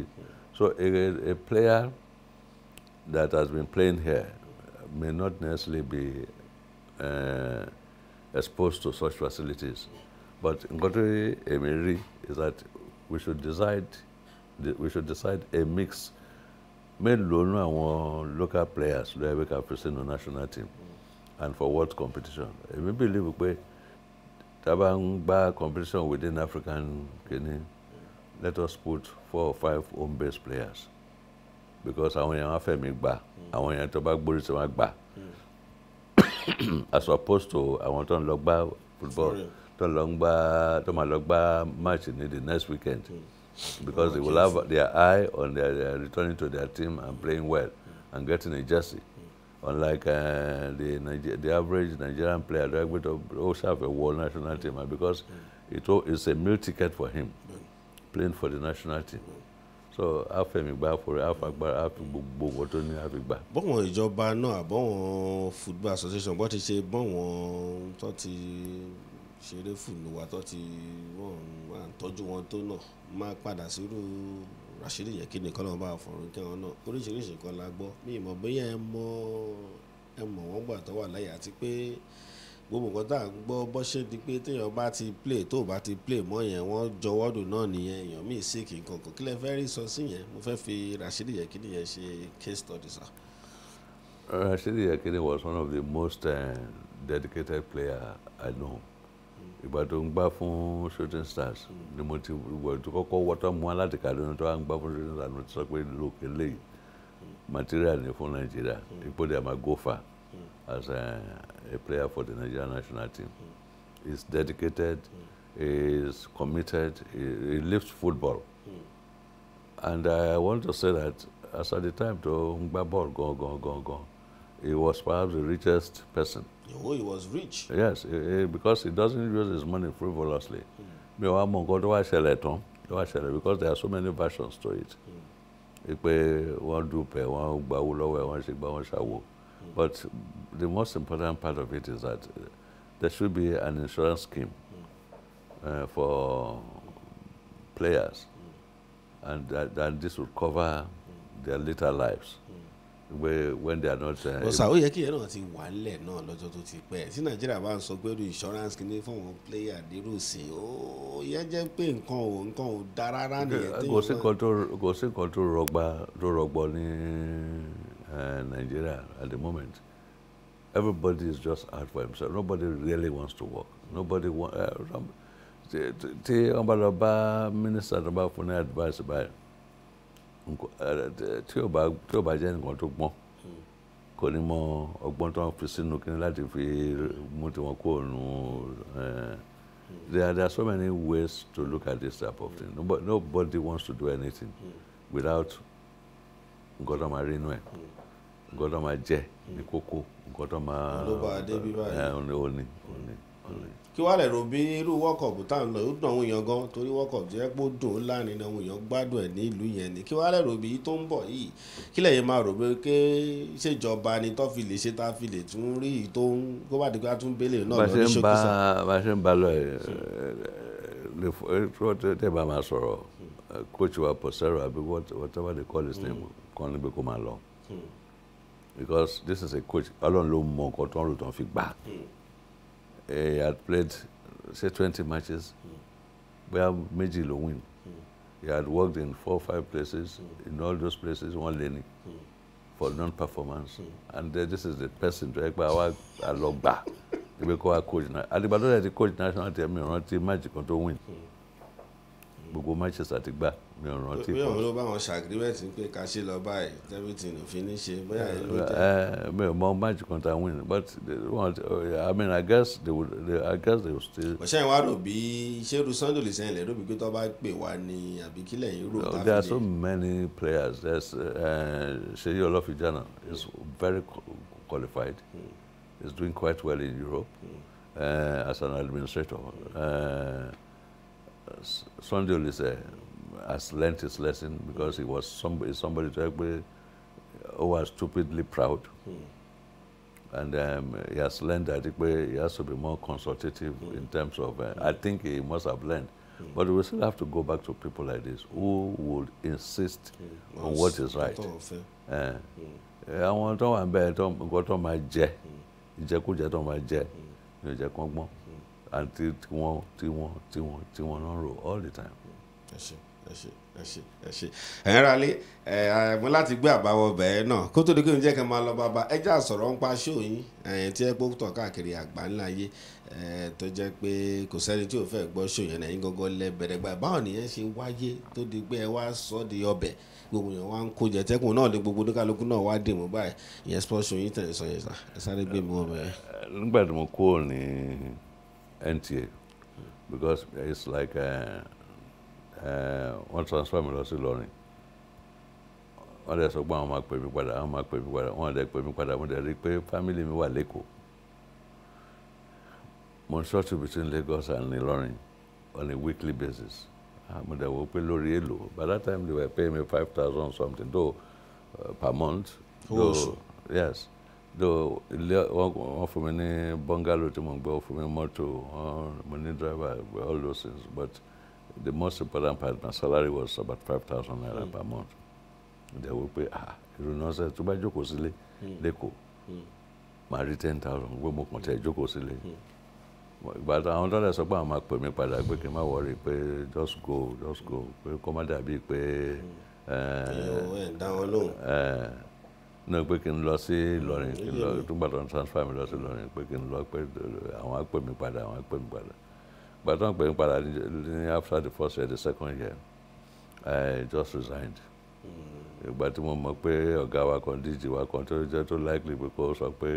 So a, a player that has been playing here may not necessarily be uh, exposed to such facilities. But Ngotori Emiri is that we should decide we should decide a mix mélòó nínú àwọn local players ló yẹ ká fi sínú national team and for world competition èmi believe pé tá a ń gba competition within African kini let us put four or five home-based players because àwọn èèyàn á fẹ̀mí gbà àwọn èèyàn tó bá gbórí tí wọ́n gbà as opposed to àwọn tó ń lọ gbá football tó ń lọ gbá tó máa lọ gbá match ní the next weekend because they will have their eye on their, their returning to their team and playing well and getting a jersey unlike uh, the the average Nigerian player that would also have a world national team uh, because it, it's a meal ticket for him playing for the national team so àfẹ̀mígbà àforí àfagbára àfi gbogbo nǹkan tó ní àfigbà. bọ́wọ̀n ìjọba náà àbọ̀wọ̀n football association bọ́ ti ṣe bọ́wọ̀n tó ti ṣeré fùlù wa tó ti wọ́n wà ń tọ́jú wọn tó náà máa padà sírú Rashidi yẹn kí ni kọ́ lọ́wọ́ bá fọ̀rọ̀ kí wọn náà oríṣiríṣi kan la gbọ́ mi ìmọ̀ bóyá ẹ mọ̀ ẹ mọ̀ wọ́n gbà tó wà láyé àti pé gbogbo nǹkan tá à ń gbọ́ bó ṣe di pé téèyàn bá ti play tó bá ti play mọ́ yẹn wọ́n jọwọ́dù náà nìyẹn èèyàn míì sí kì í kankan kí lẹ fẹ́ rí sọ sí yẹn mo fẹ́ fi Rashidi Yekini yẹn ṣe case study sir. Rashidi Yekini was one of the most uh, dedicated player I know ìgbà tó ń gbá fún shooting stars ni mo ti wọ̀ tó kọ́kọ́ wọ́tọ́ mu aláti Kaduna tó ń gbá fún shooting stars mo ti sọ pé lókè lè material ni fún Nàìjíríà ipò dẹ̀ máa go far as eh, a player for the Nigerian national team. Mm. He's dedicated, mm. he's committed, he, he lives football. Mm. And I want to say that as at the time, to Ngba ball, go go go, gone. He was perhaps the richest person. Oh, he was rich. Yes, he, he, because he doesn't use his money frivolously. Hmm. Mi wa mọ nǹkan tó wá ṣẹlẹ̀ because there are so many versions to it. Hmm. Pé wọ́n dupẹ̀, wọ́n gbawó lọ́wọ́ ẹ̀, wọ́n ṣe gbà wọ́n ṣàwò. Hmm. But the most important part of it is that uh, there should be an insurance scheme uh, for players, and that, and this would cover their later lives. when they are not. ọ̀sà uh, ó yẹ kí ìyẹn náà ti wà nílẹ̀ náà lọ́jọ́ tó ti pẹ́ tí nàìjíríà bá ń sọ pé insurance kìíní fún àwọn player dérò sí i ó yẹ jẹ́ pé nǹkan ò nǹkan ò da rárá nìyẹn. kò sí nǹkan tó rọgbọ ní uh, nàìjíríà at the moment everybody is just out for himself. Nobody really wants to work. Nobody want. Eh, tí wọ́n bá lọ bá mínísítà tó bá fún ní advice báyìí, eh, tí ò bá tí ò bá jẹ́ nǹkan tó gbọ́n, kò ní mọ ọgbọ́n tó ń fi sínú kíní láti fi mú tiwọn kó ònú. Eh, there are so many ways to look at this type of thing. Nobody, nobody wants to do anything hmm. without nǹkan tó máa rí inú ẹ̀. Hmm nǹkan tó máa jẹ ní kókó nǹkan tó máa ló bá a dé bí báyìí eh, òní òní òní. kí wàá lè rò bí irú wọ́kọ̀ọ̀bù tá à ń lọ yóò dùn àwọn èèyàn gan torí wọ́kọ̀ọ̀bù jẹ́ pé ó dùn ó láàrin àwọn èèyàn gbádùn ẹ̀ ní yẹn ni kí wàá lè rò bí tó ń bọ̀ yìí kí lẹ̀yin máa rò pé ké ṣèjọba ni tó fi lè ṣe tá a fi lè tún rí i tó ń kó bá dìgbà tún bẹ́lẹ̀ náà lọ ní ṣókísà. bá a ṣe ń ba lọ eh, eh, ẹ tẹ́ bá máa sọ̀rọ̀ coach wa pọ̀sẹ́rọ̀ àbí whatever they call his name hmm. kan níbi kó máa lọ. Hmm because this is a coach Ọlọ́run ló mọ nǹkan tó ń rò fi gbà hmm. eh, he had played say twenty matches hmm. bóyá méjì ló win hmm. he had worked in four or five places in all those places wọ́n lé ní for non-performance and then this is the person tó yẹ pé àwa àlọ́ gbà ìgbé kó wa coach náà àdìgbà tó yẹ ti coach national team ìrántí match kan tó win gbogbo matches àti gbà mi ò rántí. bí òun ló bá wọn ṣàgírímẹ̀tì pé ká ṣe lọ báyìí everything ò fi ní ṣe bóyá ìlú eh, jẹ́. Eh, mi ò mọ match contra win but want, I mean I guess they would they, I guess they would still. ọ̀sẹ̀ ìwà rò bí ṣéru sunday lè sẹ́yìn lẹ́rú bí pé tó bá pè wá ní àbí kílẹ̀ yìí rò there are so many players there's Seyi eh, uh, is very qualified mm. is doing quite well in Europe mm. uh, as an administrator. Uh, is a has learnt his lesson because he was somebody, somebody to help me, uh, who was stupidly proud. Mm. And um, he has learned that he has to be more consultative mm. in terms of, uh, I think he must have learned. Mm. But we still have to go back to people like this who would insist mm. on what is right. Eh. Hmm. Eh, àwọn tó wà ń bẹ́ẹ̀ nǹkan tó máa jẹ, hmm. ìjẹkújẹ tó máa jẹ, ìjẹkúngbọ́n. Hmm àti tiwọn tiwọn tiwọn tiwọn náà rò all the time. ẹ ṣe ẹ ṣe ẹ ṣe ẹ ṣe ẹ̀yin ara lé ẹ̀ mo láti gbé àbáwọ̀ bẹ́ẹ̀ náà kó tó di kí n jẹ́ kí n máa lọ bàbá ẹjẹ́ àsọ̀rọ̀ ń pa ṣóyin ẹ̀yìn tí ẹ pọ́ tàn káàkiri àgbà ńlá yé tó jẹ́ pé kò sẹ́ni tí ò fẹ́ gbọ́ ṣóyin ẹ̀yìn gangan lẹ́bẹ̀rẹ̀ gbà báwọn nìyẹn ṣe wáyé tó di pé ẹ wá sọ di ọbẹ̀ gbogbo yẹn wá ń kó jẹ tẹkùn náà ni gbogbo oníkálukú náà wá dì mú báyìí ìyẹn spọ́ṣ NTA because it's like uh, uh, wọ́n transfer me lọ sí Ìlọrin wọ́n dẹ̀ sọ pé àwọn máa pè mí padà àwọn máa pè mí padà wọ́n dẹ̀ pè mí padà wọ́n dẹ̀ rí i pé family mi wà lẹ́kọ̀ọ́ mo ń ṣọ́ọ̀tù between Lagos and Ìlọrin on a weekly basis ah, mo dẹ̀ wò pé lórí èlò by that time they were paying me five thousand something though uh, per month. owó yes do ilé wọn fún mi ní bungalow tí mo ń gbé wọn fún mi mọ́tò mo ní driver all those things but the most important part my salary was about five thousand naira hmm. per month ǹjẹ́ wọ́n pé ah ìrònú ọ̀sẹ̀ tó bá jókòó sílé hmm. lẹ́kọ̀ọ́ hmm. màá rí ten thousand gbé mo kàn tẹ̀ jókòó sílé ìgbà tí àwọn tọ́lẹ̀ sọ pé àwọn máa pè mí padà pé kí n má wọrí pé just go just go pé kó má dàbí pé. ẹ ẹ dáwọn lóhùn. Eh, náà pé kí n lọ sí Ìlọrin kí n lọ túgbà transfer mi lọ sí Ìlọrin pé kí n lọ pé eh, àwọn á pè mí padà àwọn á pè padà ìgbà tó pè mí padà ní after the first year the second year I eh, just resigned hmm. ìgbà tí mo mọ̀ pé ọ̀gá wa kan díje wa kan tó jẹ́ tó likely pé kó sọ pé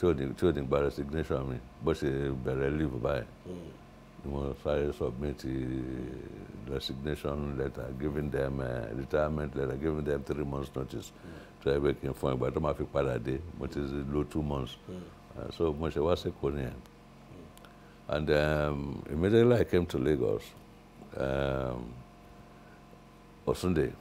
tí ò ní tí ò ní gba resignation mi bó ṣe bẹ̀rẹ̀ leave báyìí hmm. ni mo sáré submit resignation letter giving them uh, retirement letter giving them three months notice. Mm. tẹ́lẹ̀ kí n fún ìgbà tó máa of padà dé mo ti lo two months hmm. uh, so mo was a Korean. and um, immediately I came to Lagos um, Osunde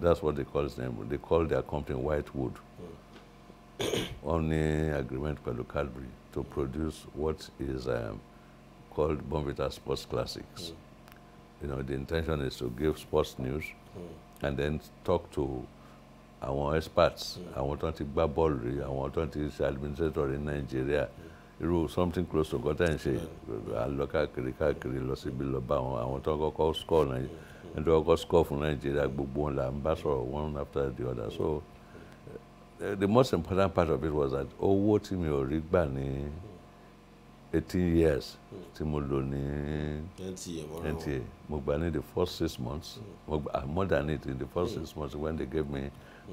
that's what they call his name they call their company Whitewood hmm. wọ́n only agreement pẹ̀lú Cadbury to produce what is um, called Bombita Sports Classics. Mm. You know, the intention is to give sports news mm. and then talk to àwọn experts àwọn tó ń ti gbá bọ́ọ̀lù rí àwọn tó ń ti ṣe administrator ní nàìjíríà irú something close to nǹkan tẹ́ ń ṣe à ń lọ káàkiri káàkiri lọ síbi lọ bá àwọn àwọn tó kọ́kọ́ score náà ẹni tó kọ́kọ́ score fún nàìjíríà gbogbo wọn là ń bá sọ̀rọ̀ one after the other so the most important part of it was that owó tí mi ò rí gbà ní eighteen years tí mo lò ní nta mo gbà ní the first six months mo gbà more than it in the first six months when they gave me.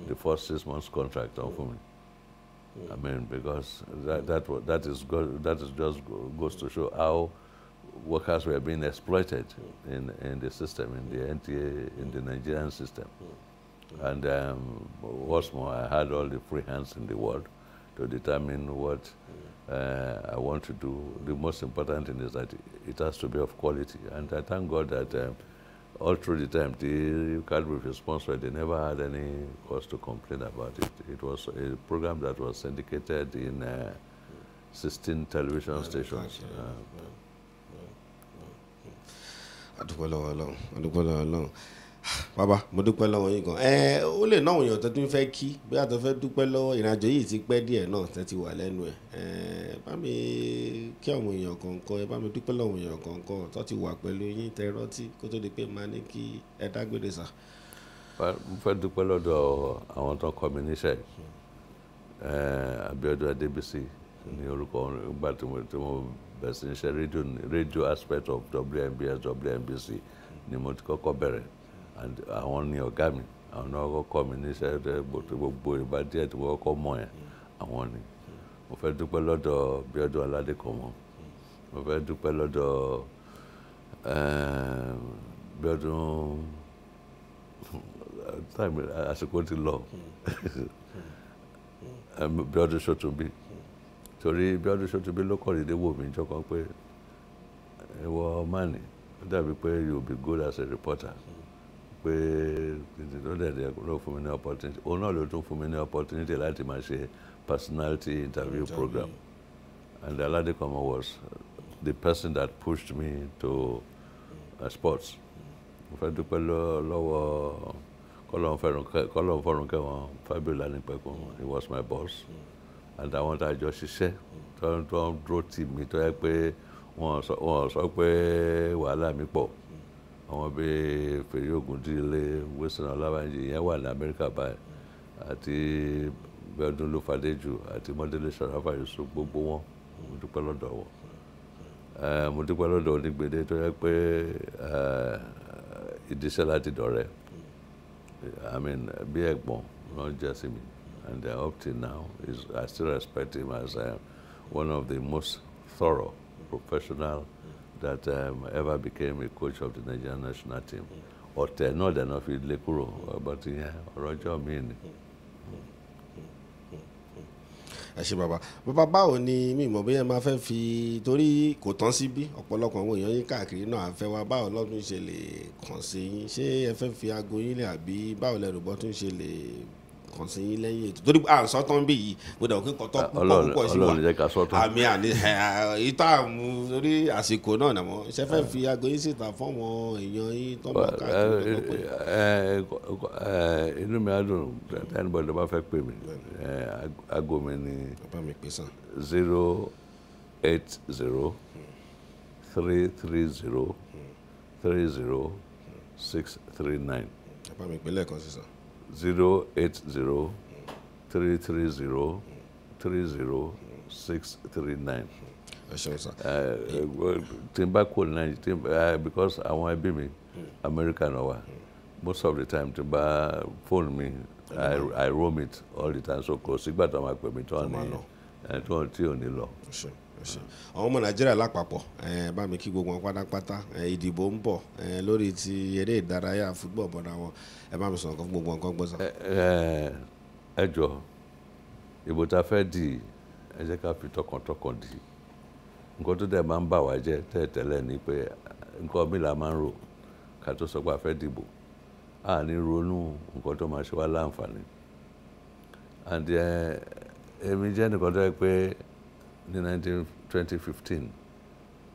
the first six months contract of women. I mean, because that that that is that is just goes to show how workers were being exploited in in the system, in the NTA, in the Nigerian system. And um, what's more, I had all the free hands in the world to determine what uh, I want to do. The most important thing is that it has to be of quality. And I thank God that. Um, all through the time, the you can't be responsible. They never had any cause to complain about it. It was a program that was syndicated in uh, 16 television yeah, stations. Uh, adúpẹ́ lọ́wọ́ ọlọ́run adúpẹ́ lọ́wọ́ ọlọ́run bàbá mo dúpẹ́ lọ́wọ́ yín gan ẹ ó lè náà òyìn ọ̀tọ̀ tó ń fẹ́ kí bí àtọ̀ fẹ́ dúpẹ́ lọ́wọ́ ìrìnàjò yìí ti pẹ́ díẹ̀ náà tẹ́ ti wà lẹ́nu ẹ̀ ẹ bá mi kí àwọn èèyàn kọ̀ọ̀kan ẹ bá mi dúpẹ́ lọ́wọ́ èèyàn kọ̀ọ̀kan tó ti wà pẹ̀lú yín tẹ́ rántí kó tó di pé màá ní kí ẹ dágbére sà. mo fẹ́ dúpẹ́ lọ́dọ̀ àwọn tó ń kọ́ mi níṣẹ́ Abíọ́dún Adébísí ní orúkọ nígbà tí mo bẹ̀rẹ̀ sí ní WNBC ni mo ti kọ́kọ́ àwọn ni ọ̀gá mi àwọn náà kọ́kọ́ mi ní iṣẹ́ gbogbo ìbá díẹ̀ tí wọ́n kọ́ mọ̀ yẹn àwọn ni mo fẹ́ dúpẹ́ lọ́dọ̀ Bíọ́dún Aládékọ̀mọ́ mo fẹ́ dúpẹ́ lọ́dọ̀ ehm, Bíọ́dún táìmì àsìkò ti lọ Bíọ́dún Ṣótúnbí torí Bíọ́dún Ṣótúnbí ló kọ̀ dédé wò mí jọkan pé ẹ̀wọ̀ mánì ó dàbí pé you be good as a reporter. Mm -hmm pé ó dẹ̀ ló fún mi ní opportunity òun náà ló tún fún mi ní opportunity láti máa ṣe personality interview program and Aladekomo was the person that pushed me to uh, sports mo fẹ́ dúpẹ́ lọ́wọ́ kọ́lọ́n fọ́rùnkẹ́ wọn Fabiola nípẹ̀kun he was my boss and àwọn tá a jọ ṣiṣẹ́ tó ń dúró tì mí tó yẹ pé wọ́n sọ pé wàhálà mi pọ̀ àwọn bíi Fèyí Ògúndílé Wilson Ọlábánjí ìyẹn wà ní Amẹ́ríkà báyìí àti Bẹ́ọ̀dún Lófadéjù àti Mọ́délé Sàráfà Yusuf gbogbo wọn mo dúpẹ́ lọ́dọ̀ wọn mo dúpẹ́ lọ́dọ̀ onígbèdé tó yẹ pé ìdíṣẹ́ láti dọ̀rẹ́ I mean bí ẹ̀gbọ́n náà jẹ́ sí mi and uh, up till now is, I still respect him as uh, one of the most thorough professional that um, ever became a coach of the Nigerian national team. Ọ̀tẹ̀ náà dẹ̀ náà fi lé kúrò ọ̀bọ̀ ti yẹn ọ̀rọ̀ ọjọ́ mi ni. Ẹ ṣe bàbá bàbá báwo ni mi ìmọ̀ bí ẹ máa fẹ́ fi torí kò tán síbí ọ̀pọ̀lọpọ̀ àwọn èèyàn yín káàkiri náà à ń fẹ́ wá báwo lọ́dún ṣe lè kàn sí yín ṣé ẹ fẹ́ fi aago yín lẹ̀ àbí báwo lẹ́rù bọ́ tún ṣe lè kàn sí yín lẹ́yìn ètò torí à ń sọ tán bí yìí mo dàgbọ́ kí nǹkan tó ah, púpọ̀ púpọ̀ sí wa àmì àní ìta mú lórí àsìkò náà nàmọ́ ṣe fẹ́ fi aago yín síta fọ́ọ̀mù èèyàn yín tó bá káàkiri eh, eh, eh, inú mi á dùn tẹ́ni bọ́dọ̀ bá fẹ́ pè mí aago mi ni zero eight zero three three zero three zero six three nine. ẹ bá mi pè lẹ́ẹ̀kan sísan zero eight zero three three zero three zero six three nine. ẹ ṣeun sir. tí n bá kó ní nàìjíríà because àwọn ẹbí mi america náà wà most of the time tí n bá phone mi I, I roam it all the time so kò sígbà tó máa pè mí tó ní tí ò ní lọ. àwọn ọmọ nàìjíríà lápapọ̀ eh, bá mi kí gbogbo wọn pátápátá eh, ìdìbò ń bọ̀ eh, lórí ti eré ìdárayá fútbọ̀ọ̀lù bọ̀dà wọn ẹ bá mi sọ̀rọ̀ gbogbo nǹkan gbọ́ sá. ẹ jọ ìbò tá a fẹ́ dì ẹ jẹ́ ká fi tọkàntọkàn dì nǹkan tó dẹ̀ máa ń bà wá jẹ́ tẹ́ẹ̀tẹ́lẹ̀ ni pé nǹkan a fẹ́ dìbò a ní ronú nǹkan tó máa ṣe wá láǹfààní and 2015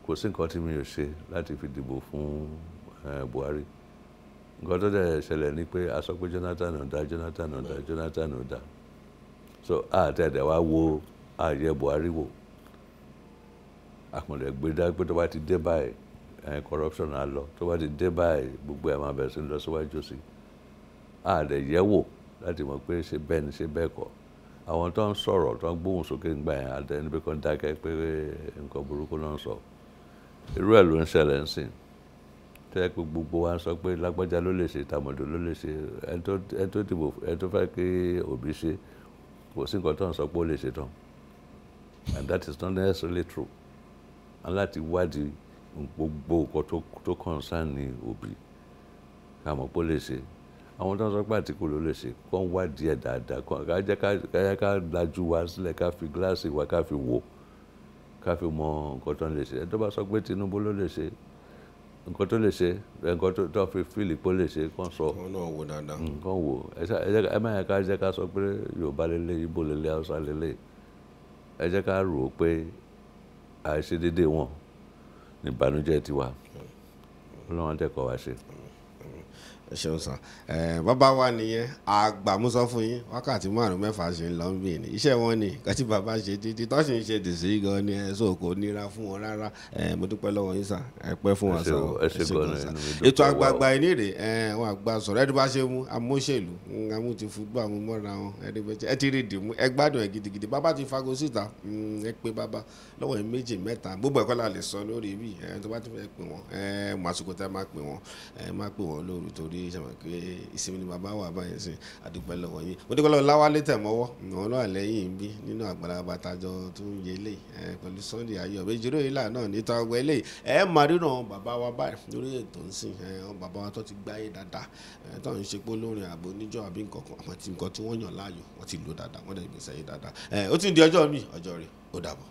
kò sí nǹkan tí mi ò ṣe láti fi dìbò fún Buhari nǹkan tó dẹ̀ ṣẹlẹ̀ ni pé a sọ pé Jonathan ọ̀dà Jonathan ọ̀dà Jonathan ọ̀dà so àtẹ̀dẹ̀ wa wo ààyè Buhari wò àkànlẹ̀ gbé dá pé tó bá ti dé báyìí corruption á lọ tó bá ti dé báyìí gbogbo ẹ̀ máa bẹ̀rẹ̀ sí lọ síwájú sí i àdẹ̀yẹ̀wò láti mọ̀ pé ṣe bẹ́ẹ̀ ni ṣe bẹ́ẹ̀ kọ́ àwọn tó ń sọ̀rọ̀ tó ń gbóhùn sókè ńgbà yẹn àtẹni bí kan dákẹ́ pé nǹkan burúkú náà sọ irú ẹ̀ ló ń ṣẹlẹ̀ ń sìn tẹ́ pé gbogbo wa ń sọ pé lágbájá ló lè ṣe tàmọ̀dò ló lè ṣe ẹni tó dìbò ẹni tó fẹ́ kí òbí ṣe kò sí nǹkan tó ń sọ pé ó lè ṣe tán and that is not necessarily true and láti wádìí gbogbo nǹkan tó concern ní òbí ká mọ̀ pé ó lè ṣe àwọn tó ń sọ pé Àtìkù ló lè ṣe kó ń wádìí ẹ̀ dáadáa kó kájá ká lajú wa sílẹ̀ ká fi gíláàsì wa ká fi wò ká fi mọ nǹkan tó ń lè ṣe ẹ̀ tó bá sọ pé Tinubu ló lè ṣe nǹkan tó lè ṣe nǹkan tó fi fíìlì pé ó lè ṣe kàn sọ nǹkan wò hmm, ẹ má yẹ ká jẹ́ ká sọ pé Yorùbá lélẹ̀ Ìgbò lélẹ̀ Haúsá lélẹ̀ ẹ jẹ́ ká rò ó pé àìṣedéédéé wọn ìbànújẹ́ tiwa hmm. Ọlọ́run tẹ̀kọ̀ wá ṣe ẹ ṣeun sàn ẹ bàbá wa nìyẹn àgbà mú sọ fún yín wákàtí márùn mẹ́fà ṣe ń lọ ń bì ní iṣẹ́ wọn ni kàtí bàbá ṣe títí tó sì ń ṣe dèsè gan ni ẹ sọ kò nira fún wọn rárá ẹ mo dúpẹ́ lọ́wọ́ yín sàn ẹ pẹ́ fún wọn sàn ẹ ṣe gan sàn ètò àgbààgbà ẹni rè ẹ wọn àgbà sọ̀rọ̀ ẹni bá ṣe mú amóṣèlú amú ti fúgbọ àmú mọ́ra wọn ẹni bẹ́ẹ̀ ẹ ti rí ìdìmú ẹ gbádùn ẹ gidigidi bàbá ti fago síta ẹ pé bàbá lọ́wọ́ ẹ méjì mẹ́ta gbogbo ẹ̀kọ́ la lè sọ lórí ibi ẹ tó bá ti fẹ́ pè wọ́n ẹ mọ àsìkò tẹ́ máa pè wọ́n ẹ máa pè wọ́n lóru torí ṣàmọ̀ pé ìsinmi ni bàbá wà báyìí sí àdúpẹ́ lọ́wọ́ yín mo dúpẹ́ lọ́wọ́ láwálé tẹ̀mọ́wọ́ àwọn ọlọ́wà lẹ́yìn bí nínú àgbàlagbà tajọ tó ń yẹ lé pẹ̀lú Sunday ayọ̀ méjì lóye là náà níta ọgbà ilé ẹ máa bàbá wa báyìí lórí ètò ńsìn àwọn bàbá wa tó ti gbáyé dáadáa tó ń ṣe